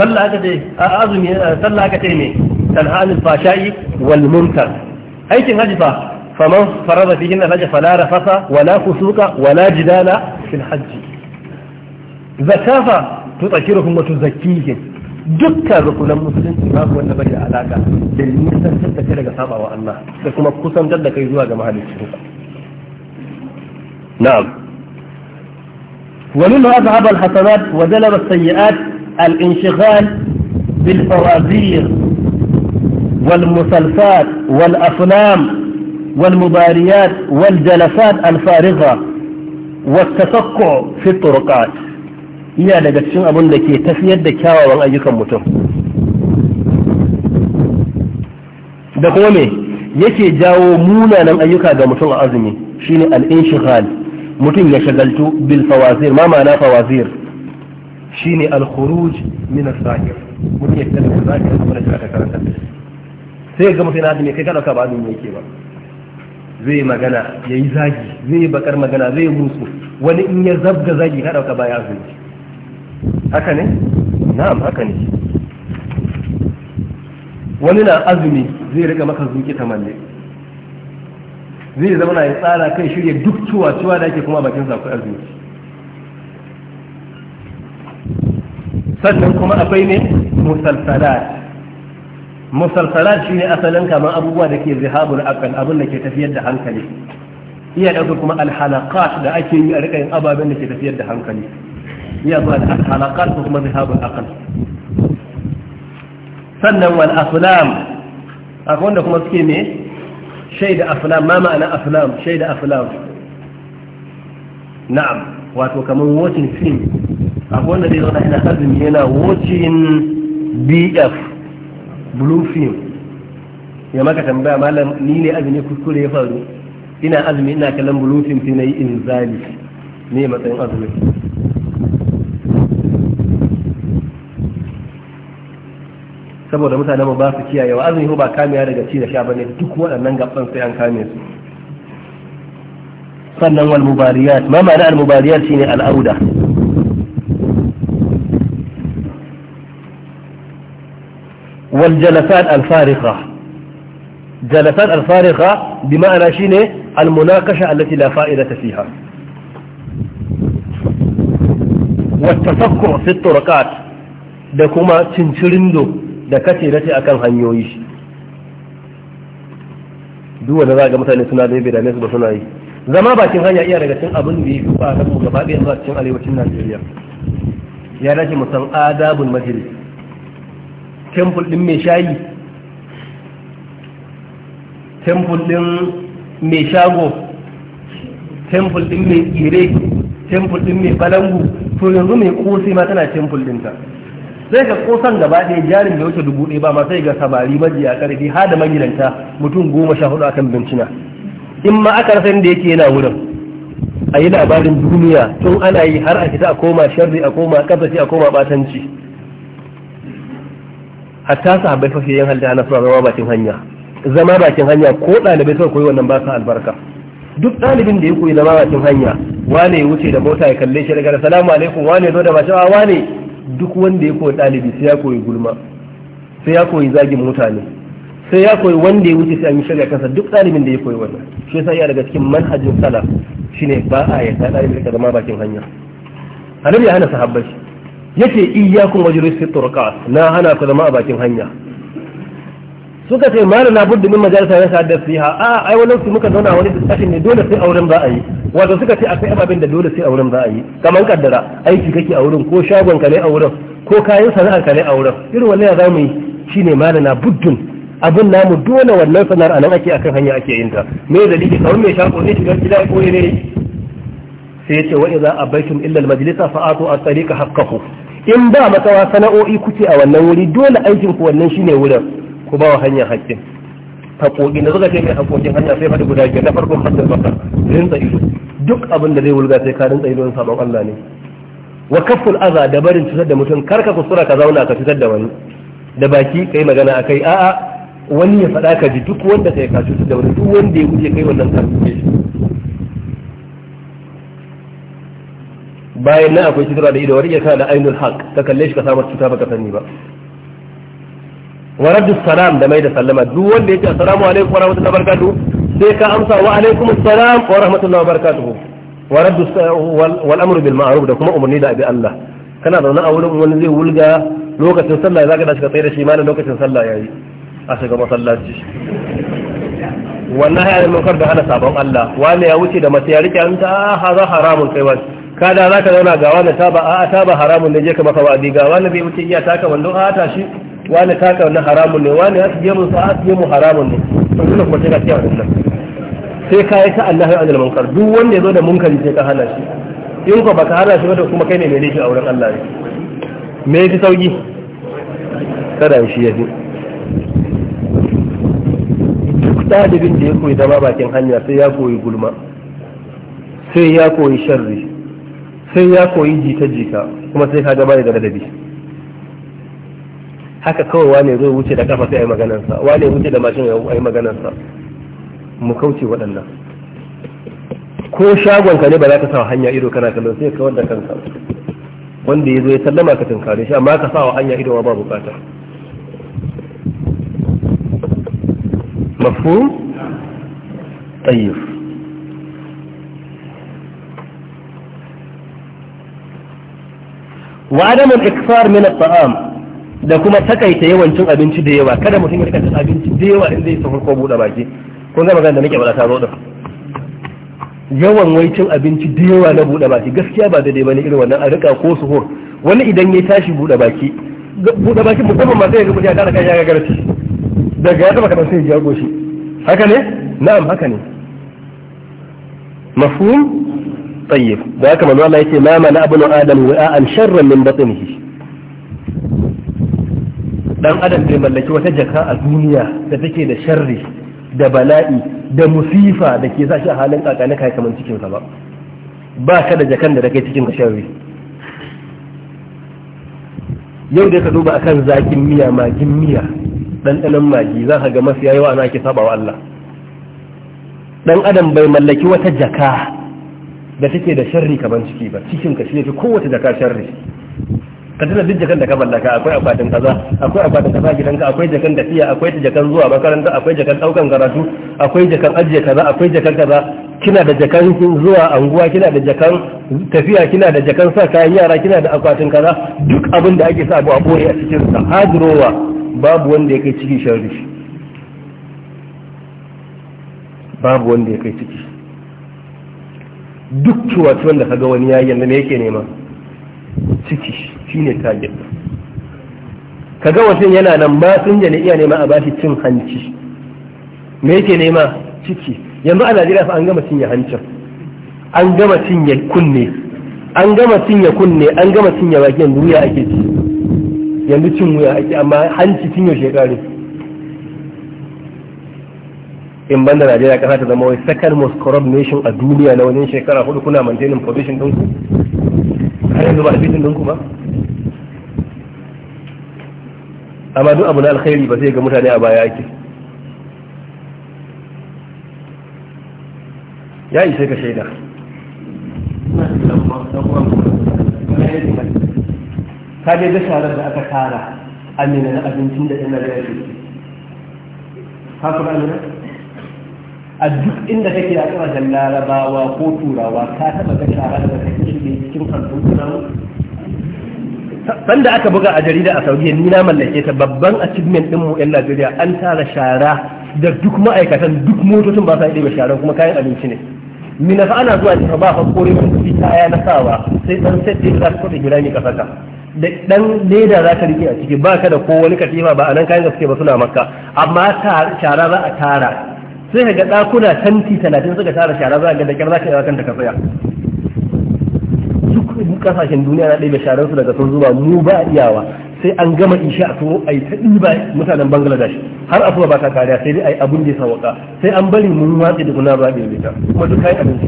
sallah ka ce azumi sallah ka ce ne tanhanil fashai wal munkar aikin haji fa فمن فرض فيهن الحج فلا رفث ولا فسوق ولا جدال في الحج زكافة تطهرهم وتزكيهم دكا ركن المسلم ما هو النبي علاقة بالمسلم ستة كرقة سابعة وأنا لكم أبقوصا جدا كي يزوها جماعة الشروط. نعم ومنه أذهب الحسنات وجلب السيئات الانشغال بالفوازير والمسلسلات والأفلام والمباريات والجلسات الفارغة والتفقع في الطرقات iya daga cikin abin da ke tafiyar da kyawawan ayyukan mutum da kuma me yake jawo munanan ayyuka ga mutum a azumi shine al-inshighal mutum ya shagaltu bil fawazir ma ma'ana fawazir shine al-khuruj min as-sahir mutum ya tafi zakir kuma da karanta sai na kai ba zai magana ya yi zagi zai yi bakar magana zai yi musu wani in ya zabga zagi ka ɗauka baya azumi haka ne na'am haka ne wani na azumi zai riga maka zuki ta malle zai zama ya tsara kai shirya duk cewa cewa da ake kuma bakin sa azumi sannan kuma akwai ne musalsalat musalsalat shine asalin kamar abubuwa da ke zihabul aqal abin da ke tafiyar da hankali iya ɗaukar kuma alhalaqat da ake yi a rika yin ababen da ke tafiyar da hankali iya zuwa da alhalaqat ko kuma zihabul aqal sannan wal aflam akwai wanda kuma suke me shaida aflam ma ma'ana aflam shaida aflam na'am wato kamar watching film akwai wanda zai zauna ina azumi yana watching bf bluefin ya maka tambaya malam ni ne azumi kuskure ya faru ina azumi ina kallon bluefin sai na yi inzali ne matsayin azumi saboda mutane ba su kiyayewa azumi ba kamiya daga ci da sha ba ne duk waɗannan gaban sai an kame su sannan wal mubariyat ma ma'ana al mubariyat shine al auda والجلسات الفارقة جلسات الفارقة بمعنى شيني المناقشة التي لا فائدة فيها والتفكر في الطرقات da kuma cincirindo da kace nace akan hanyoyi duk wanda za ga mutane suna da da su ba suna yi zama bakin hanya iya daga cin abin da ya fi ba na gaba ɗaya zuwa cikin arewacin najeriya ya dace musan adabul majalis temple din mai shayi temple din mai shago temple din mai tsire temple din mai balangu to yanzu mai kosai ma tana temple dinta sai ga kosan gaba ɗaya jarin da wuce dubu ɗaya ba ma sai ga samari majiya karfi har da magidanta mutum goma sha hudu akan bincina in ma aka rasa inda yake yana wurin a yi labarin duniya tun ana yi har a fita a koma sharri a koma kasashe, a koma batanci hatta sahabbai fa yin halda ana suna zama bakin hanya zama bakin hanya ko ɗalibai suka koyi wannan ba su albarka duk ɗalibin da ya koyi zama bakin hanya wane ya wuce da mota ya kalle shi daga salamu alaikum wane zo da ba a wane duk wanda ya koyi ɗalibi sai ya koyi gulma sai ya koyi zagin mutane sai ya koyi wanda ya wuce sai an yi shirya kansa duk ɗalibin da ya koyi wannan shi yasa ya daga cikin manhajin salaf shine ba a yarda ɗalibin ka zama bakin hanya annabi ya hana sahabbai yace iyyakum majlisit turqat na hana ku zama a bakin hanya suka ce mala na buddu min majalisa ya sadar a ai wannan su muka zauna wani discussion ne dole sai auren za a yi wato suka ce akwai ababen da dole sai auren za a yi kamar kaddara aiki kake a wurin ko shagon ka ne a wurin ko kayan sana'ar ka ne a wurin irin wannan za mu yi shine mala na buddun abin namu dole wannan sanar a nan ake akan hanya ake yin ta me dalili kawai mai shago ne shigar gida ko ne sai ya ce wa idza abaitum illa al majlisa fa atu at-tariqa haqqahu in ba matsawa sana'o'i kuce a wannan wuri dole aikin ku wannan shine wurin ku ba wa hanyar haƙƙin haƙoƙi da suka ce mai haƙoƙin hanya sai faɗi guda biyar na farkon hanyar baka rin ido duk abin da zai wulga sai ka rin ido don sabon Allah ne wa kaful aza da barin cutar da mutum karka kusura ka zauna ka cutar da wani da baki kai magana akai a'a wani ya faɗa ka ji duk wanda kai ka cutar da wani duk wanda ya guje kai wannan karfi bayan nan akwai sutura da ido wani kana da ainul haq ka kalle shi ka samu cuta baka sani ba wa raddu salam da mai da sallama duk wanda yake assalamu alaikum wa rahmatullahi wa barakatuh sai ka amsa wa alaikum assalam wa rahmatullahi wa barakatuh wa raddu wal amru bil ma'ruf da kuma umarni da abi Allah kana zaune a wurin wani zai wulga lokacin sallah zaka dace ka tsaye da shi malam lokacin sallah yayi a shiga masallaci wannan hayar mun da hana sabon Allah wanda ya wuce da mace ya rike an ta ah, haza haramun kai wani kada za ka zauna ga wani taba a taba haramun ne je ka maka wa'adi ga wani bai wuce iya taka wando a ta shi wani taka wani haramun ne wani ya je mun sa'a je mu haramun ne sun dole kuma sai ka tsaya sai ka yi ta Allah ya azal munkar duk wanda ya zo da munkari sai ka hana shi in ko baka hana shi ba to kuma kai ne mai laifin a wurin Allah ne me yafi sauki kada shi fi. duk ɗalibin da ya koyi zama bakin hanya sai ya koyi gulma sai ya koyi sharri sai ya koyi jita-jita kuma sai ka gaba da ladabi haka kawai wane zai wuce da kafa sai ayi maganar sa wane wuce da mashin ai maganar sa mu kauce waɗannan ko shagon ka ne ba za ka sawa hanya ido kana kallon sai ka wanda kanka wanda ya zo ya sallama ka tunkare shi amma ka sawa hanya ido ba bukata mafhum tayyib wa adamul ikfar min taam da kuma takaita yawancin abinci da yawa kada mutum ya takaita abinci da yawa in zai sahur ko bude baki kun ga magana da nake bada ta zo da yawan waicin abinci da yawa na bude baki gaskiya ba daidai bane irin wannan a rika ko suhur wani idan ya tashi bude baki bude baki musamman ma sai ya rubuta da kai ya ga garci daga ya taba kadan sai ya jago shi haka ne na'am haka ne mafhum tayyib da haka manzo Allah yace ma na abnu adam an sharran min batnihi dan adam bai mallaki wata jaka a duniya da take da sharri da bala'i da musifa da ke sa shi a halin kakani kai kamar cikin sa ba ba ka da jakan da kai cikin ka sharri yau da ka duba akan zakin miya magin miya ɗanɗanon magi za ka ga mafiya yawa ana ke sabawa Allah dan adam bai mallaki wata jaka da take da sharri kaman ciki ba cikin ka shi ne kowace jaka sharri ka tuna duk jakan da ka ballaka akwai akwatin kaza akwai akwatin kaza gidanka akwai jakan tafiya akwai jakan zuwa makaranta akwai jakan daukan karatu akwai jakan ajiye kaza akwai jakan kaza kina da jakan zuwa anguwa kina da jakan tafiya kina da jakan sa kayan yara kina da akwatin kaza duk abin da ake sa abu a boye a cikin sa hadrowa babu wanda ya kai ciki sharri babu wanda ya kai ciki duk ciwaciwan da kaga wani yayi yanda me yake nema ciki shi shine target kaga wasu yana nan ba sun ne iya nema a bashi cin hanci me yake nema ciki yanzu a Najeriya fa an gama cinye hancin an gama cinye kunne an gama cinye kunne an gama cinye baki yanzu wuya ake ci yanzu cin wuya ake amma hanci cinye shekaru in banda Najeriya kasa ta zama wai second most corrupt nation a duniya na wajen shekara hudu kuna maintaining position ɗinku har yanzu ba a fitin ɗinku ba amma duk abu na alkhairi ba sai ga mutane a baya ake ya yi sai ka shaida ka je da sharar da aka tara amina na abincin da yana da ya ce ka kuma amina a duk inda kake a ƙasashen larabawa ko turawa ka taɓa ganin a ranar da cikin turawa sanda aka buga a jarida a saudiya ni na mallake ta babban achievement din mu yan najeriya an tara shara da duk ma'aikatan duk motocin ba sa ɗebe sharan kuma kayan abinci ne mina fa ana zuwa fa ba fa kore ba kaya na sawa sai dan set din za kuɗi gida ne kasaka da dan leda za ka rike a ciki ba ka da ko wani katifa ba a nan kayan gaske ba suna makka amma shara za a tara sai ka ga ɗakuna tanti talatin suka tara shara za ga dakar za ka yi wakanta ka tsaya duk kasashen duniya na ɗaya sharar su daga sun zuba mu ba a iyawa sai an gama isha a turo a yi ta ɗiba mutanen bangladesh har a ba ta kariya sai dai a yi abin da ya sawaka sai an bari mun watsi da kuna ba da ta kuma duk kayan abinci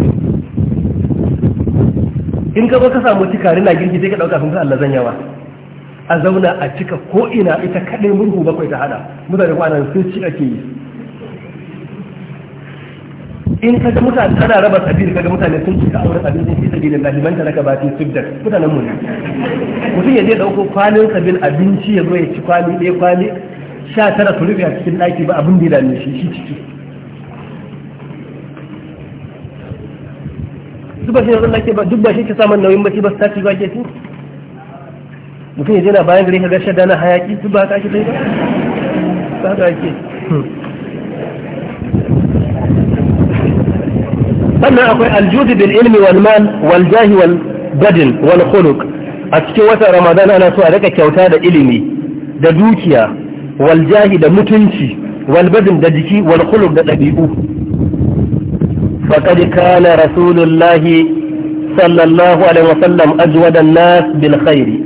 in ka zo ka samu tikari na girki sai ka ɗauka sun fi allah zan yawa a zauna a cika ko ina ita kaɗai murhu bakwai ta hada mutane kwanan sun ci ake yi in ka ga mutane ana raba sabir ka ga mutane sun cika auren sun ci sabilin lahi man taraka ba fi sibda mutanen mu ne mutum ya je dauko kwalin sabin abinci ya zo ya ci kwali ɗaya kwali sha tara su rufe a cikin ɗaki ba abin da dame shi shi ciki zuba shi yanzu ɗaki ba duk ba shi ke samun nauyin shi ba su tashi ba ke mutum ya je na bayan gari ka ga shadda na hayaki duk ba ka shi ta ba ba ka ake hmm. sannan akwai aljudi bil ilmi wal mal wal jahi wal badin wal khuluq a cikin watan ramadan ana so a rika kyauta da ilimi da dukiya wal jahi da mutunci wal badin da jiki wal khuluq da dabi'u faqad kana rasulullahi sallallahu alaihi wasallam ajwada an-nas bil khairi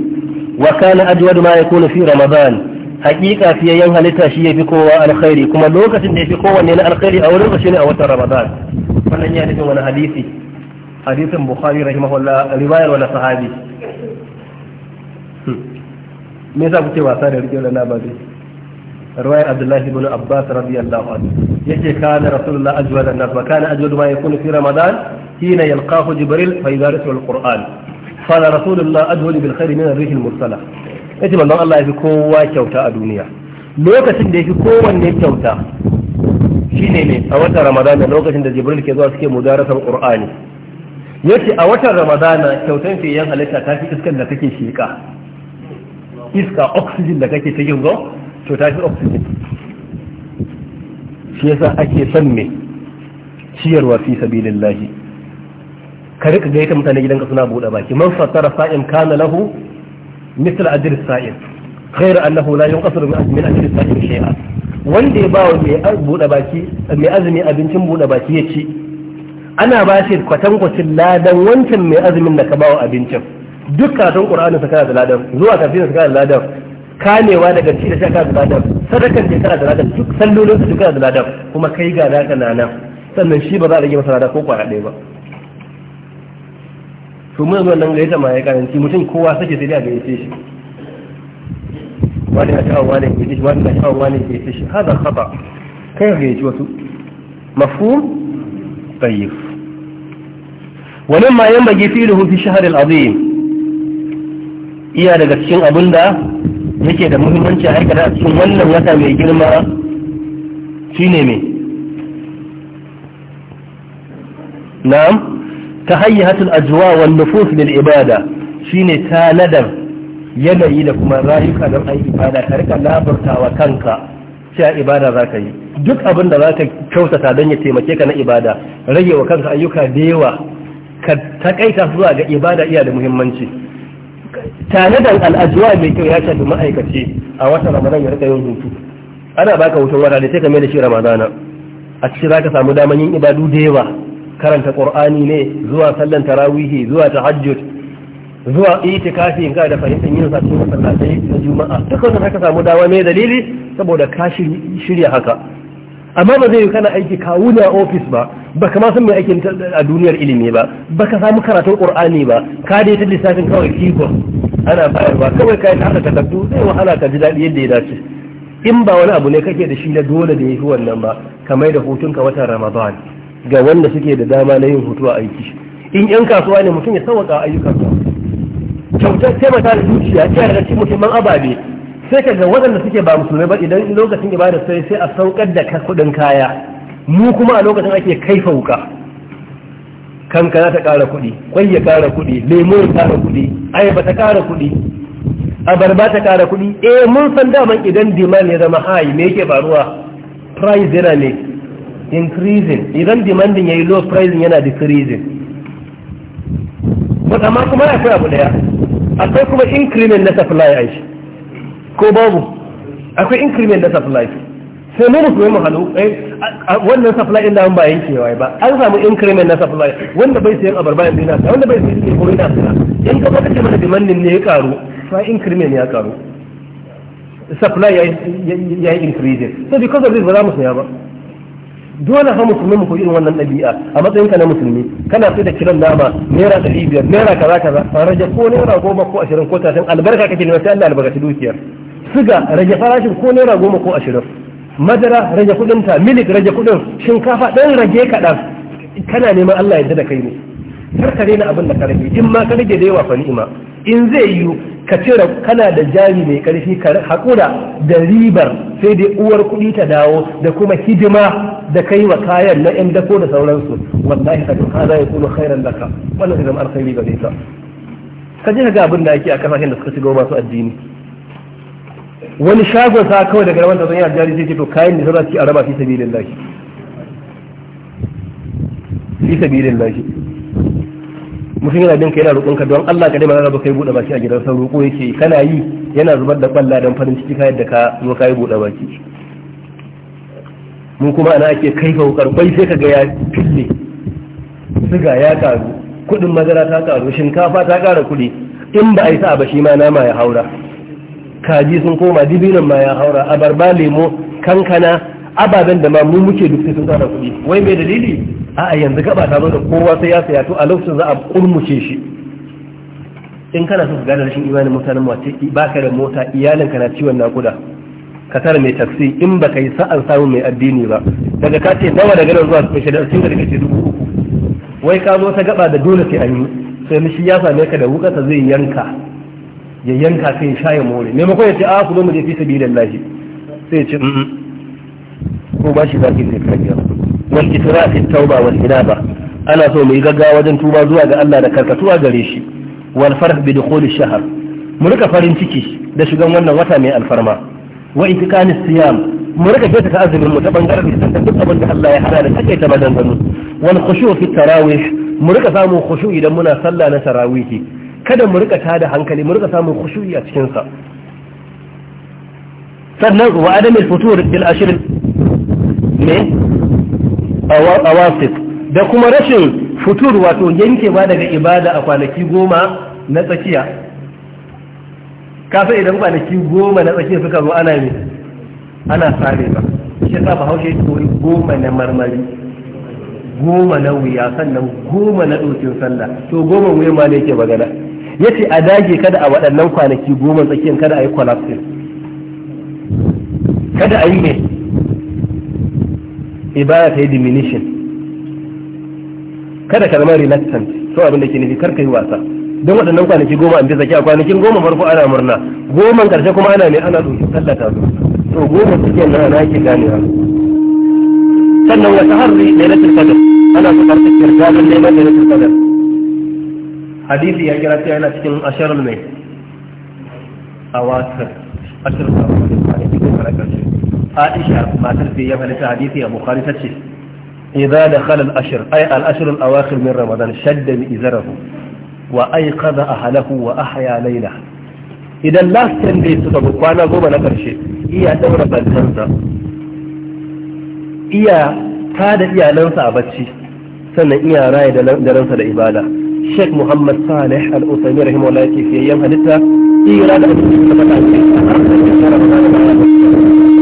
wa kana ajwadu ma yakunu fi ramadan haƙiƙa fiye yan halitta shi fi kowa alkhairi kuma lokacin da fi kowanne na alkhairi a wurin shi ne a watan ramadan wannan ya nufin wani hadisi hadisin bukhari rahimahullah riwayar wani sahabi hmm. me yasa kuke wasa da rike wannan labari riwayar abdullahi ibn abbas radiyallahu anhu yake kana rasulullah ajwad an-nas wa kana ajwad ma yakunu fi ramadan hina yalqahu jibril fa yudarisu al-qur'an fa rasulullah ajwad bil khair min ar-rih al-mursala yace manzon Allah ya fi kowa kyauta a duniya lokacin da ya fi kowanne kyauta Shi ne a watan ramadana lokacin da jibril ke zuwa suke mudarasar qur'ani yace a watan ramadana kyautan fiyan halitta ta fi iskan da kake shika iska oxygen da kake cikin go to ta fi oxygen shi yasa ake san me ciyarwa fi sabilillahi ka rika gaita mutane gidanka suna buɗe baki man fassara sa'in kana lahu misal ajr sa'in غير أنه لا ينقصر من أجل الصائم شيئا wanda ya ba wa mai buɗe baki mai azumi abincin buɗe baki ya ci ana ba shi kwatankwacin ladan wancan mai azumin da ka ba wa abincin duk karatun ƙur'ani sa kana da ladan zuwa tafsirin sa kana da ladan kamewa daga ci da sha kana da ladan sadakan da kana da ladan duk sallolin su kana da ladan kuma kai ga naka nana sannan shi ba za a rage masa ladan ko kwara ɗaya ba to mun zo nan gaita ma ya karanci mutum kowa sake sai da gaice shi wani ya sha'awa wani ke dishi wani ya sha'awa wani ke dishi hada khata kai ga yaji wasu mafhum tayyib ولما ينبغي فعله في الشهر العظيم iya daga cikin abin da yake da muhimmanci a aikata a cikin wannan wata mai girma shine mai na'am ta hayyatul ajwa wan nufus lil ibada shine tanadar yanayi da kuma rayuka don ayi ibada ka rika wa kanka cewa ibada za ka yi duk abin da za ka kyautata don ya taimake ka na ibada rage wa kanka ayyuka da yawa ka takaita zuwa ga ibada iya da muhimmanci tare da al'ajuwa mai kyau ya shafi ma'aikaci a watan ramadan ya rika yin hutu ana baka hutun wata da sai ka mai da shi ramadana a cikin za ka samu daman yin ibadu da yawa karanta qur'ani ne zuwa sallan tarawihi zuwa tahajjud zuwa itikafi in ga da fahimtar yin sa cikin masallatai na juma'a duk wannan haka samu dawa mai dalili saboda ka shirya haka amma ba zai yi kana aiki kawo na ofis ba ba kama san mai aikin a duniyar ilimi ba ba ka samu karatun qur'ani ba ka dai ta lissafin kawai kiko ana bayar ba kawai ka yi ta haka takardu sai wahala ka ji daɗi yadda ya dace in ba wani abu ne kake da shi na dole da yafi wannan ba kamar da hutunka watan ramadan ga wanda suke da dama na yin hutu a aiki in yan kasuwa ne mutum ya ayyukan ayyukansa kyautar taimaka da zuciya ta daga cikin muhimman ababe sai ka ga waɗanda suke ba musulmai ba idan lokacin ibada sai sai a saukar da kuɗin kaya mu kuma a lokacin ake kaifa wuka kankana ta ƙara kuɗi kwai ya ƙara kuɗi lemo ya ƙara kuɗi ayaba ta ƙara kuɗi abarba ta ƙara kuɗi eh mun san daman idan demand ya zama high me yake faruwa price yana ne increasing idan demanding yayi low price yana decreasing but amma kuma ya abu daya akwai kuma increment na supply aiki ko babu akwai increment na supply sai mu musu mai halu eh, wannan supply din da an ba yankewa ba an samu increment na supply wanda bai sayan abarba bayan yana wanda bai sayan ke kuma na sana in ka baka ce mana demandin ne ya karu fa increment ya karu supply ya increase so because of this ba za mu saya ba dole fa musulmi mu koyi wannan dabi'a a matsayin ka na musulmi kana so da kiran nama naira ɗari biyar naira kaza kaza a rage ko naira goma ko ashirin ko talatin albarka kake nema sai Allah albarkaci dukiyar suga rage farashin ko naira goma ko ashirin madara rage kuɗin ta milik rage kuɗin shinkafa ɗan rage kaɗan kana neman Allah ya da kai ne kar ka daina abin da ka rage in ma ka rage da yawa fa ni'ima in zai yiwu ka cire kana da jari mai karfi ka haƙura da ribar sai dai uwar kuɗi ta dawo da kuma hidima da kai wa kayan na ƴan dako da sauransu wallahi ka duka za ya kuma khairan ka, wannan idan alkhairi gare ka ka ji ga abin da ake a kasashen da suka shiga masu addini wani shagon sa kawai daga rawan da zan yi a jari ce to kayan da sauransu su a raba fi sabilillahi fi sabilillahi mutum yana bin ka yana roƙonka don Allah ka dai magana kai buɗe baki a gidan sauro ko yake kana yi yana zubar da kwalla don farin ciki ka yadda ka zo ka yi buɗe baki mu kuma ana ake kai ka kwai sai ka ga ya fille siga ya karu kuɗin madara ta karu shinkafa ta ƙara kuɗi in ba a yi sa'a ba shi ma nama ya haura kaji sun koma dibinan ma ya haura abarba lemo kankana ababen da ma mu muke duk sai sun kuɗi wai mai dalili a yanzu gaba ta zo kowa sai ya saya to a lokacin za a kurmuce shi in kana so ka gane rashin imanin mutanen mace ba ka da mota iyalin iyalinka na ciwon nakuda ka tara mai taksi in ba ka yi sa'an samun mai addini ba daga ka ce nawa daga nan zuwa special da cikin daga ce dubu uku wai ka zo ta gaba da dole sai an yi sai mishi ya same ka da ta zai yanka ya yanka sai ya sha more maimakon ya ce a ah, ku zo mu je fi lahi sai ya ce ko ba shi zaki sai ka biya wal tauba wal inaba ana so mu yi gaggawa wajen tuba zuwa ga Allah da karkatuwa gare shi wal farh bi dukhul shahr mu rika farin ciki da shigan wannan wata mai alfarma wa itikani siyam mu rika kyautata azumin mu ta bangaren da duk abin da Allah ya hana da take ta maganganu wal khushu fi tarawih mu rika samun khushu idan muna sallah na tarawihi kada mu rika tada hankali mu rika samun khushu a cikin sa sannan wa adamul futur bil ashir ne a wasif da kuma rashin futur wato yanke ba daga ibada a kwanaki goma na tsakiya kasa idan kwanaki goma na tsakiya suka zo ana ne ana sare ba shi sa ba haushe tori goma na marmari goma na wuya sannan goma na ɗokin sallah to goma wuya ma ne yake magana ya ce a dage kada a waɗannan kwanaki goma tsakiyan kada a yi kwalafsin kada a yi ne ibada ta yi diminishin kada ka zama reluctant so abin da ke nufi kar ka yi wasa don waɗannan kwanaki goma an bisa a kwanakin goma farko ana murna goma karshe kuma ana ne ana ɗauki sallata su to goma suke nan na ke ganewa sannan wata harri ne na tilfadar ana su karfi kirgadar neman da na tilfadar hadisi ya kira cewa yana cikin ashirar mai a wasan ashirar da wani kwanaki goma aisha matar da ya halitta hadisi a bukhari ta ce idza dakhala al-ashr ay al-ashr al-awakhir min ramadan shadda bi izarahu wa ayqadha ahlahu wa ahya laylah idan last ten days suka bi kwana goma na karshe iya daura bantansa iya tada iyalansa a bacci sannan iya raye da daransa da ibada Sheikh Muhammad Saleh Al-Uthaymeen rahimahullah yake fiyayyen halitta tsira da abin da suka faɗa a cikin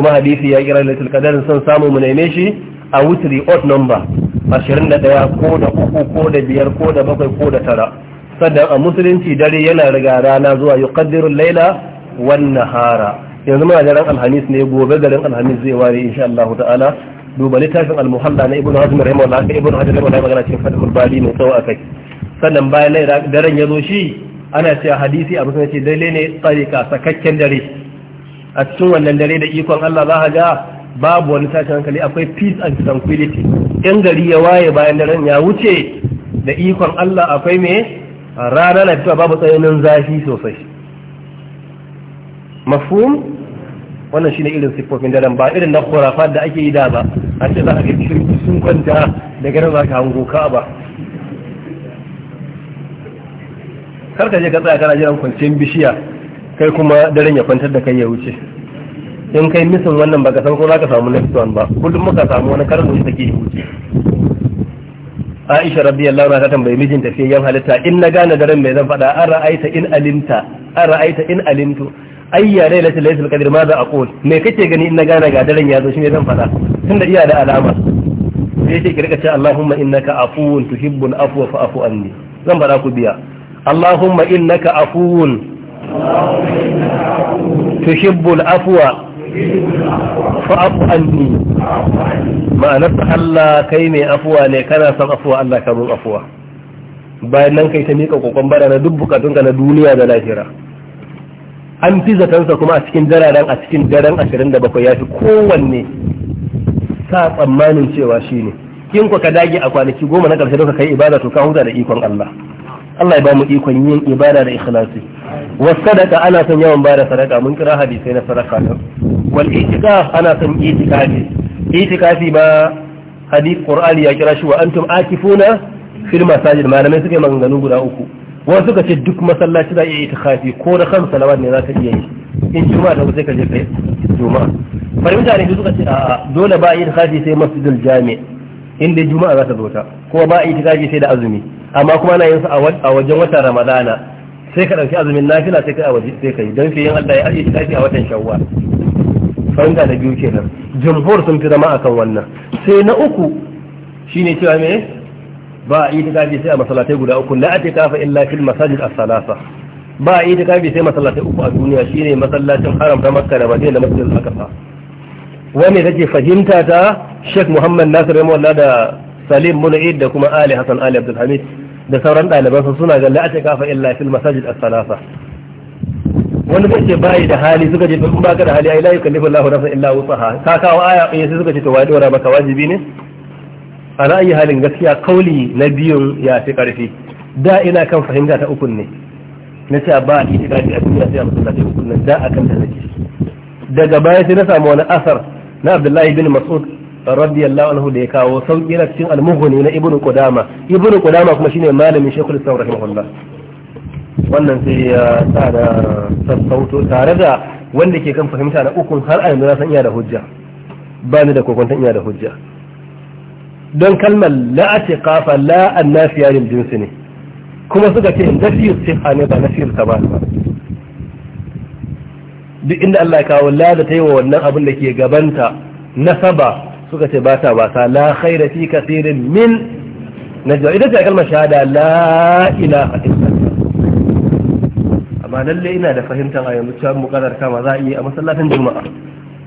kuma hadisi ya kira lailatul qadar son samu mu neme shi a wutri odd number 21 ko da uku ko da biyar ko da bakwai ko da tara sannan a musulunci dare yana riga rana zuwa yuqaddiru layla wan nahara yanzu muna daren alhamis ne gobe garin alhamis zai ware insha Allah ta'ala duba littafin al-muhalla na ibnu hazm rahimahullah ka ibnu hazm rahimahullah magana cikin fadlul bali mai tsawo akai sannan bayan daren ya zo shi ana cewa hadisi a musulunci dalile ne tsarika sakakken dare a cikin wannan dare da ikon Allah za a ga babu wani tashin hankali akwai peace and tranquility in gari ya waye bayan daren ya wuce da ikon Allah akwai me rana na fitowa babu tsayinin zafi sosai mafhum wannan shine irin siffofin daren ba irin na khurafa da ake yi da ba a ce za a ga sun kwanta da garin za ka hango ka ba karka je ka tsaya kana jiran kwanciyar bishiya kai kuma daren ya kwantar da kai ya wuce in kai misin wannan baka san ko za ka samu na one ba kullum muka samu wani karin ke take wuce Aisha rabbi radiyallahu na ta tambayi mijin yan halitta in na gane daren mai zan faɗa an ra'aita in alimta an ra'aita in alimtu ayya lati lailatul qadr ma za aqul me kake gani in na gane ga daren ya zo shi ne zan faɗa tunda iya da alama sai yake ki rika ce Allahumma innaka afuwun tuhibbul afwa fa'fu anni zan faɗa ku biya Allahumma innaka afuwun تحب العفو فاعف عني mai afuwa ne kana son afuwa Allah ka mun afuwa bayan nan kai ta miƙa kokon bara na duk bukatunka na duniya da lahira an fi zatansa kuma a cikin dararen a cikin daren 27 ya fi kowanne sa tsammanin cewa shine kin ku ka dage a kwanaki goma na ƙarshe da kai ibada to ka huta da ikon Allah Allah ya ba mu ikon yin ibada da ikhlasi wa sadaka ana son yawan bada sadaka mun kira hadisai na sadaka nan wal itikaf ana son itikafi itikafi ba hadith qur'ani ya kira shi wa antum akifuna fil masajid malamai suka yi maganganu guda uku wasu suka ce duk masallaci za a iya itikafi ko da kan salawat ne za ka iya yi in juma'a da sai ka je kai juma'a bari mutane su suka ce a dole ba a yi itikafi sai masjidul jami' inda juma'a za ta zo ta kuma ba a yi itikafi sai da azumi amma kuma ana yin su a wajen watan ramadana sai ka ɗauki azumin nafila sai ka a waje sai ka yi don fiye Allah ya ajiye tashi a watan shawwa Fanga da biyu kenan jamhur sun fi zama akan wannan sai na uku shine cewa me ba a yi tikafi sai a masallatai guda uku la atikafa illa fil masajid as-salasa ba a yi tikafi sai masallatai uku a duniya shine masallacin haram da makka da madina da masjidil aqsa wani take fahimta ta Sheikh Muhammad Nasir Rahimahullah da salim muna'id da kuma ali hasan ali abdul hamid da sauran ɗalibansa suna ga la'ata kafa illa fil masajid as-salasa wani zai ce bayi da hali suka ce in baka da hali ai la yukallifu Allahu nafsan illa wusaha ka kawo aya in sai suka ce to wai dora maka wajibi ne A ra'ayi halin gaskiya kauli na biyun ya fi karfi da ina kan fahimta ta ukun ne na ce ba a cikin gaji a duniya sai a masallaci ukun nan da akan da nake daga baya sai na samu wani asar na Abdullahi bin Mas'ud radiyallahu anhu da ya kawo sauki na cikin almughni na ibnu qudama ibnu qudama kuma shine malamin shaykhul islam rahimahullah wannan sai ya tsada sassauto tare da wanda ke kan fahimta na ukun har a yanzu na san iya da hujja ba ni da kokon iya da hujja don kalmar la'ati kafa la'an nafiya lil jinsi ne kuma suka ce nafiyu siha ne ba nafiyul kamal ba duk inda Allah ya kawo la da ta yi wa wannan abin da ke gabanta nasaba suka ce ba ta wasa la khaira fi kathirin min najwa idan ta kalmar shahada la ilaha illallah amma lalle ina da fahimtar a yanzu cewa mukarar kama za a yi a masallatin juma'a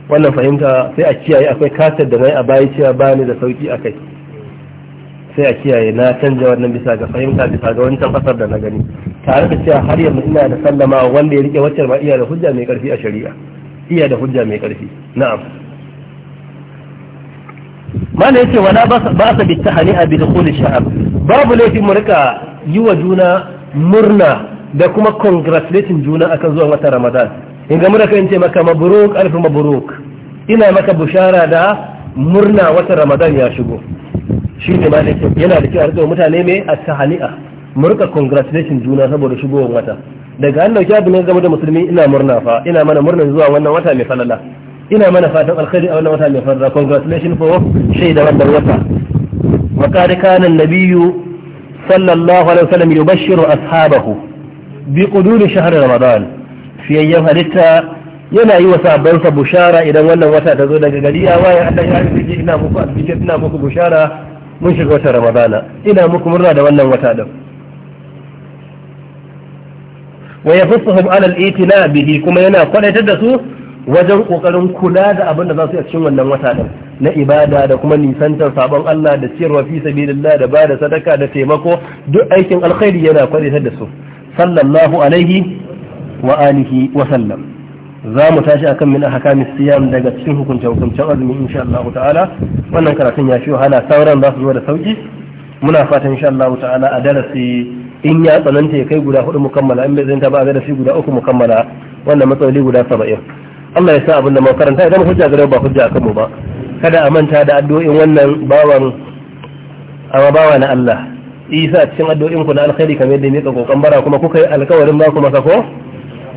wannan fahimta sai a kiyaye akwai kasar da nai a bayi cewa bani da sauki a kai sai a kiyaye na canja wannan bisa ga fahimta bisa ga wancan kasar da na gani tare da cewa har yanzu ina da sallama wanda ya rike wacce ba iya da hujja mai karfi a shari'a iya da hujja mai karfi na'am mana yace wala ba sa bi a bi dukhul sha'ab babu laifi mu rika yi wa juna murna da kuma congratulating juna akan zuwa wata Ramadan in ga mura kan ce maka mabruk alf mabruk ina maka bushara da murna wata Ramadan ya shigo shi ne ma ne yana da kyau a rika mutane mai at-tahani'a mu rika congratulating juna saboda shigowar wata daga an dauki abu ne game da musulmi ina murna fa ina mana murna zuwa wannan wata mai falala ina mana fatan alkhairi a wannan wata mai farra congratulations for shaida wannan wata wa qad kana an-nabiyyu sallallahu alaihi wasallam yubashshiru ashabahu bi quduri shahr ramadan fi ayyam halitta yana yi wa sahabbansa bushara idan wannan wata ta zo daga gari ya waye Allah ya yi ina muku albishir ina muku bushara mun shiga wata ramadana ina muku murna da wannan wata din wa yafsuhum ala al-itina bihi kuma yana kwadaitar da su wajen kokarin kula da abin da za su yi a cikin wannan wata din na ibada da kuma nisantar sabon Allah da ciyarwa fi sabilillah da bada sadaka da taimako duk aikin alkhairi yana ta da su sallallahu alaihi wa alihi wa sallam za mu tashi akan min ahkamis siyam daga cikin hukuncin hukuncin azumi insha Allah ta'ala wannan karatun ya shi wahala sauran za su zo da sauki muna fatan insha Allah ta'ala a darasi in ya tsananta ya kai guda hudu mu in bai zanta ba a darasi guda uku mu wannan matsaloli guda saba'in Allah ya sa abin da mun karanta idan hujja gare ba hujja kanmu ba kada a manta da addu'o'in wannan bawan amma bawa na Allah isa cikin addu'o'in ku na alkhairi kamar yadda mika kokon bara kuma kuka yi alkawarin ba ku masa ko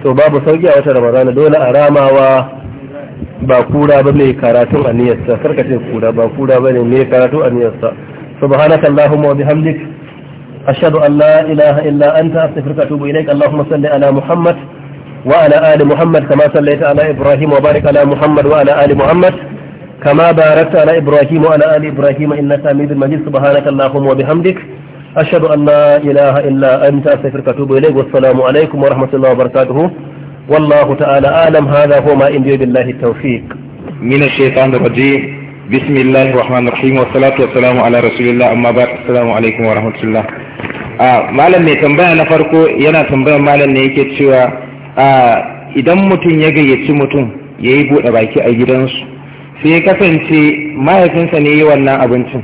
to babu sauki a wata ramadana dole a ramawa ba kura ba mai karatun aniyarsa ce kura ba kura ba ne mai karatun aniyarsa subhanaka allahumma wa bihamdik ashhadu an la ilaha illa anta astaghfiruka wa atubu ilaik allahumma salli ala muhammad وعلى آل محمد كما صليت على إبراهيم وبارك على محمد وعلى آل محمد كما باركت على إبراهيم وعلى آل إبراهيم إنك حميد مجيد سبحانك اللهم وبحمدك أشهد أن لا إله إلا أنت أستغفرك وأتوب إليك والسلام عليكم ورحمة الله وبركاته والله تعالى أعلم هذا هو ما عندي بالله التوفيق من الشيطان الرجيم بسم الله الرحمن الرحيم والصلاة والسلام على رسول الله أما بعد السلام عليكم ورحمة الله آه مالا مي تنبأ نفرقو ينا تنبأ مالا نيكي تشوى idan mutum ya gayyaci mutum ya yi buɗe baki a gidansu sai ya kasance mahaifinsa ne yi wannan abincin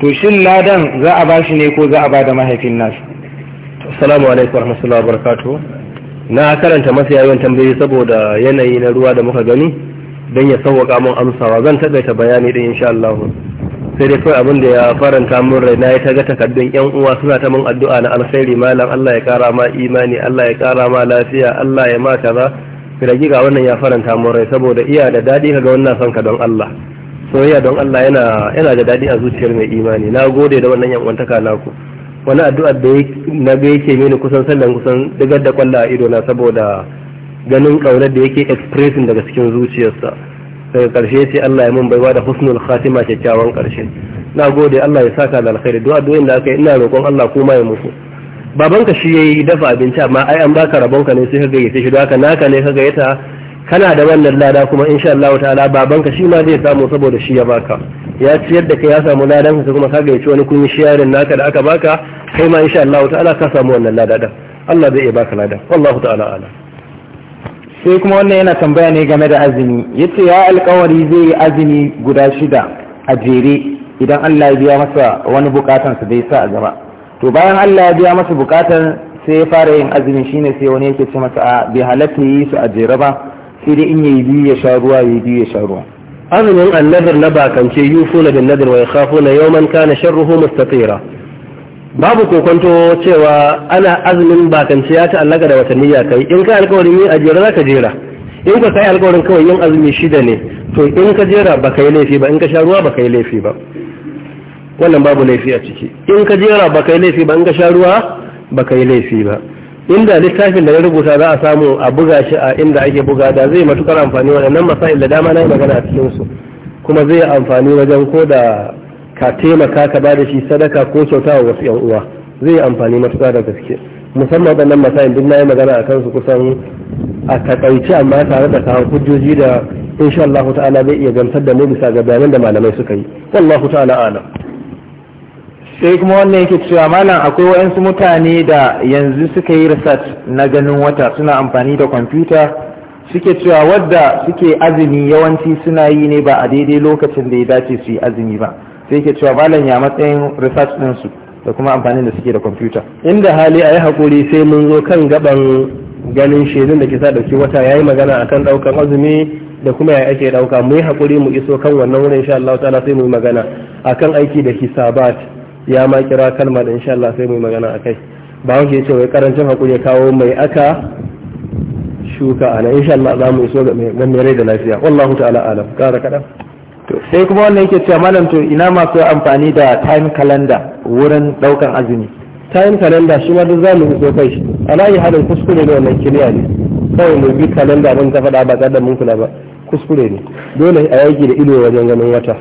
to shin ladan za a bashi ne ko za a ba da mahaifin nasu assalamu alaikum warahmatullahi wabarakatuh na karanta masa yayin tambayi saboda yanayi na ruwa da muka gani dan ya sauwaka mun amsawa zan taɓaita bayani din insha Allah sai dai kawai abin da ya faranta min rai na yi ta ga takardun yan uwa suna ta min addu'a na alkhairi malam Allah ya kara ma imani Allah ya kara ma lafiya Allah ya ma kaza firagi ga wannan ya faranta min rai saboda iya da dadi kaga wannan son ka don Allah soyayya don Allah yana yana da dadi a zuciyar mai imani na gode da wannan yan uwantaka naku wani addu'a da na ga yake mini kusan sallan kusan digar da kwalla a ido na saboda ganin kaunar da yake expressing daga cikin zuciyarsa daga karshe ce Allah ya mun baiwa da husnul khatima kyakkyawan karshe na gode Allah ya saka da alkhairi du'a duyin da aka yi ina roƙon Allah kuma ya musu babanka shi yayi dafa abinci amma ai an baka ka ne sai ka gayyace shi haka naka ne ka gayyata kana da wannan lada kuma insha Allah ta'ala babanka shi ma zai samu saboda shi ya baka ya ciyar da kai ya samu ladan ka kuma ka gayyace wani kun sharing naka da aka baka kai ma insha Allah ta'ala ka samu wannan lada da Allah zai iya baka lada wallahu ta'ala a'lam sai kuma wannan yana tambaya ne game da azumi yace ya alkawari zai yi azumi guda shida a jere idan Allah ya biya masa wani bukatansa da sa a gaba to bayan Allah ya biya masa bukatar sai ya fara yin azumi shine sai wani yake ce masa a bai halatta yi su a jere ba sai dai in yayi biyu ya sha ruwa yayi biyu ya sha ruwa azumin annadir na bakance yufuna bin nadir wa yakhafuna yawman kana sharruhu mustatira babu kokonto cewa ana azumin bakanci ya ta'allaka da watanni ya kai in kai alkawarin yin ajiyar za ka jera in ka kai alkawarin kawai yin azumi shida ne to in ka jera ba kai laifi ba in ka sha ruwa ba kai laifi ba wannan babu laifi a ciki in ka jera ba kai laifi ba in ka sha ruwa ba kai laifi ba inda littafin da na rubuta za a samu a buga shi a inda ake buga da zai matukar amfani waɗannan masail da dama na yi magana a cikinsu kuma zai amfani wajen ko da ka taimaka ka bada da shi sadaka ko kyauta wa wasu 'yan uwa zai yi amfani matuƙa da gaske musamman waɗannan masayin duk na yi magana a kansu kusan a takaice amma tare da kawo hujjoji da insha Allah ta'ala zai iya gamsar da mu bisa ga bayanan da malamai suka yi wallahu ta'ala alam sai kuma wannan yake cewa malam akwai waɗansu mutane da yanzu suka yi research na ganin wata suna amfani da kwamfuta suke cewa wadda suke azumi yawanci suna yi ne ba a daidai lokacin da ya dace su yi azumi ba sai ke cewa malam ya matsayin research ɗinsu da kuma amfanin da suke da kwamfuta inda hali a yi haƙuri sai mun zo kan gaban ganin shaidun da ke sa dauki wata ya yi magana akan ɗaukan azumi da kuma ya ake ɗauka mu yi haƙuri mu iso kan wannan wurin insha Allah ta'ala sai mu yi magana akan aiki da hisabat ya ma kira kalma da insha Allah sai mu yi magana akai ba wanda ya ce wai karancin hakuri ya kawo mai aka shuka ana insha Allah za mu iso ga mai rai da lafiya wallahu ta'ala alam kara kaɗan to sai kuma wannan yake cewa malam to ina masu amfani da time calendar wurin daukan azumi time calendar shi ma duk mu yi kai shi alayi halin kuskure ne wannan kiriya ne kawai mu bi calendar mun ta faɗa ba tare mun kula ba kuskure ne dole a yaki da ido wajen ganin wata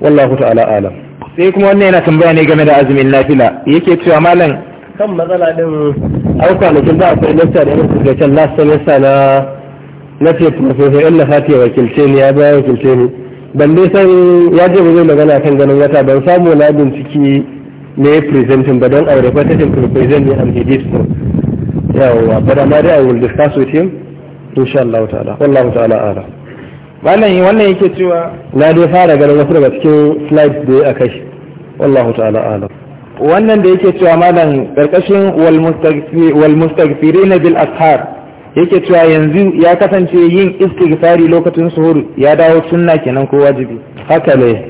wallahu ta'ala alam sai kuma wannan yana tambaya ne game da azumin nafila yake cewa malam kan matsala din an kwanakin ba akwai lecture da yake da can last semester na na ce professor illa fatiya wakilce ne ya bayar wakilce ne ban san ya je zai magana kan ganin wata ban samu na binciki ne presenting ba don aure kwatatin to present ne and he did yawa but amma dai i will discuss with him insha Allah ta'ala wallahu ta'ala ala wannan wannan yake cewa na dai fara ganin wasu daga cikin slides da ya kai wallahu ta'ala ala wannan da yake cewa malam karkashin wal mustaghfirina bil ashar yake cewa yanzu ya kasance yin istighfari lokacin suhur ya dawo sunna kenan ko wajibi haka ne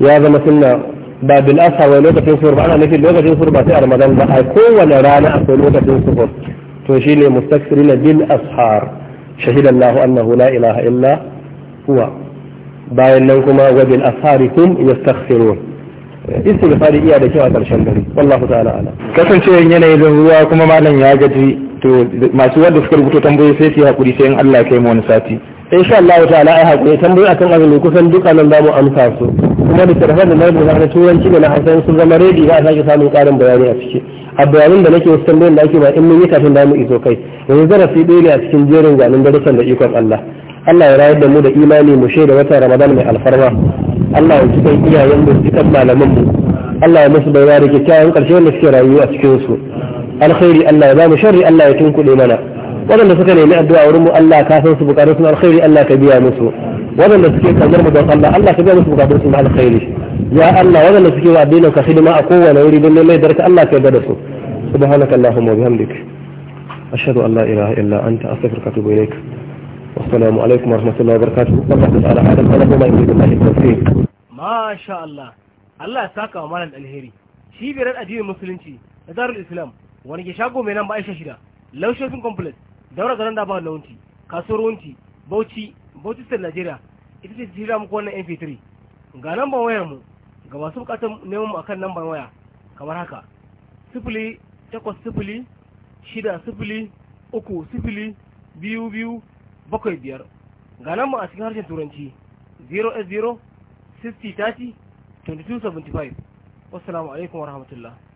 ya zama sunna ba bil asha lokacin suhur ba ana nufin lokacin suhur ba sai a ramadan ba a kowane rana akwai lokacin suhur to shi shine mustakfirina bil ashar shahida allahu annahu la ilaha illa huwa bayan nan kuma wa bil asharikum yastaghfirun istighfari iya da kyau a karshen dare wallahu ta'ala ala kasancewa yanayin ruwa kuma malam ya gaji to masu wanda suka rubuta tambayoyi sai su yi hakuri sai in Allah kai mu wani sati insha Allah ta'ala ai hakuri tambayoyi akan azumi kusan duka nan za mu amsa su kuma da tarhan da na rubuta na turanci da na hausa sun zama redi ba a sake samun karin bayani a ciki a bayanin da nake wasu tambayoyin da ake ba in mun yi kafin da mu iso kai yanzu zarafi ɗaya ne a cikin jerin zanen darussan da ikon Allah Allah ya rayar da mu da imani mu shaida wata Ramadan mai alfarma Allah ya cikin iyayen mu cikin malaman mu Allah ya musu bayar da kyakkyawan karshe wanda suke rayuwa a cikin su alkhairi Allah ya ba mu sharri Allah ya tunkuɗe mana waɗanda suka nemi addu'a wurin mu Allah ka san su bukatun su alkhairi Allah ka biya musu waɗanda suke kalmar mu don Allah Allah ka biya musu bukatun su alkhairi ya Allah waɗanda suke wa addinin ka hidima a kowane wuri don neman darka Allah ka yarda da su subhanaka allahumma wa bihamdik ashhadu an la ilaha illa anta astaghfiruka wa atubu ilaik والسلام عليكم ورحمة الله وبركاته والله تعالى أعلم ولكم يريد الله التوفيق ما شاء الله Allah ya saka wa malam alheri cibiyar addinin musulunci da darul islam wani ke shago mai nan ba aisha shida low shopping complex daura garin da ba launti wunti kasuwar wunti bauchi bauchi state nigeria ita ce shirya muku wannan mp3 ga namban wayar mu ga masu bukatar neman mu akan namban waya kamar haka sifili takwas sifili shida sifili uku sifili biyu biyu bakwai biyar ga namban a cikin harshen turanci 0S0 60 30 2275 wassalamu alaikum warahmatullahi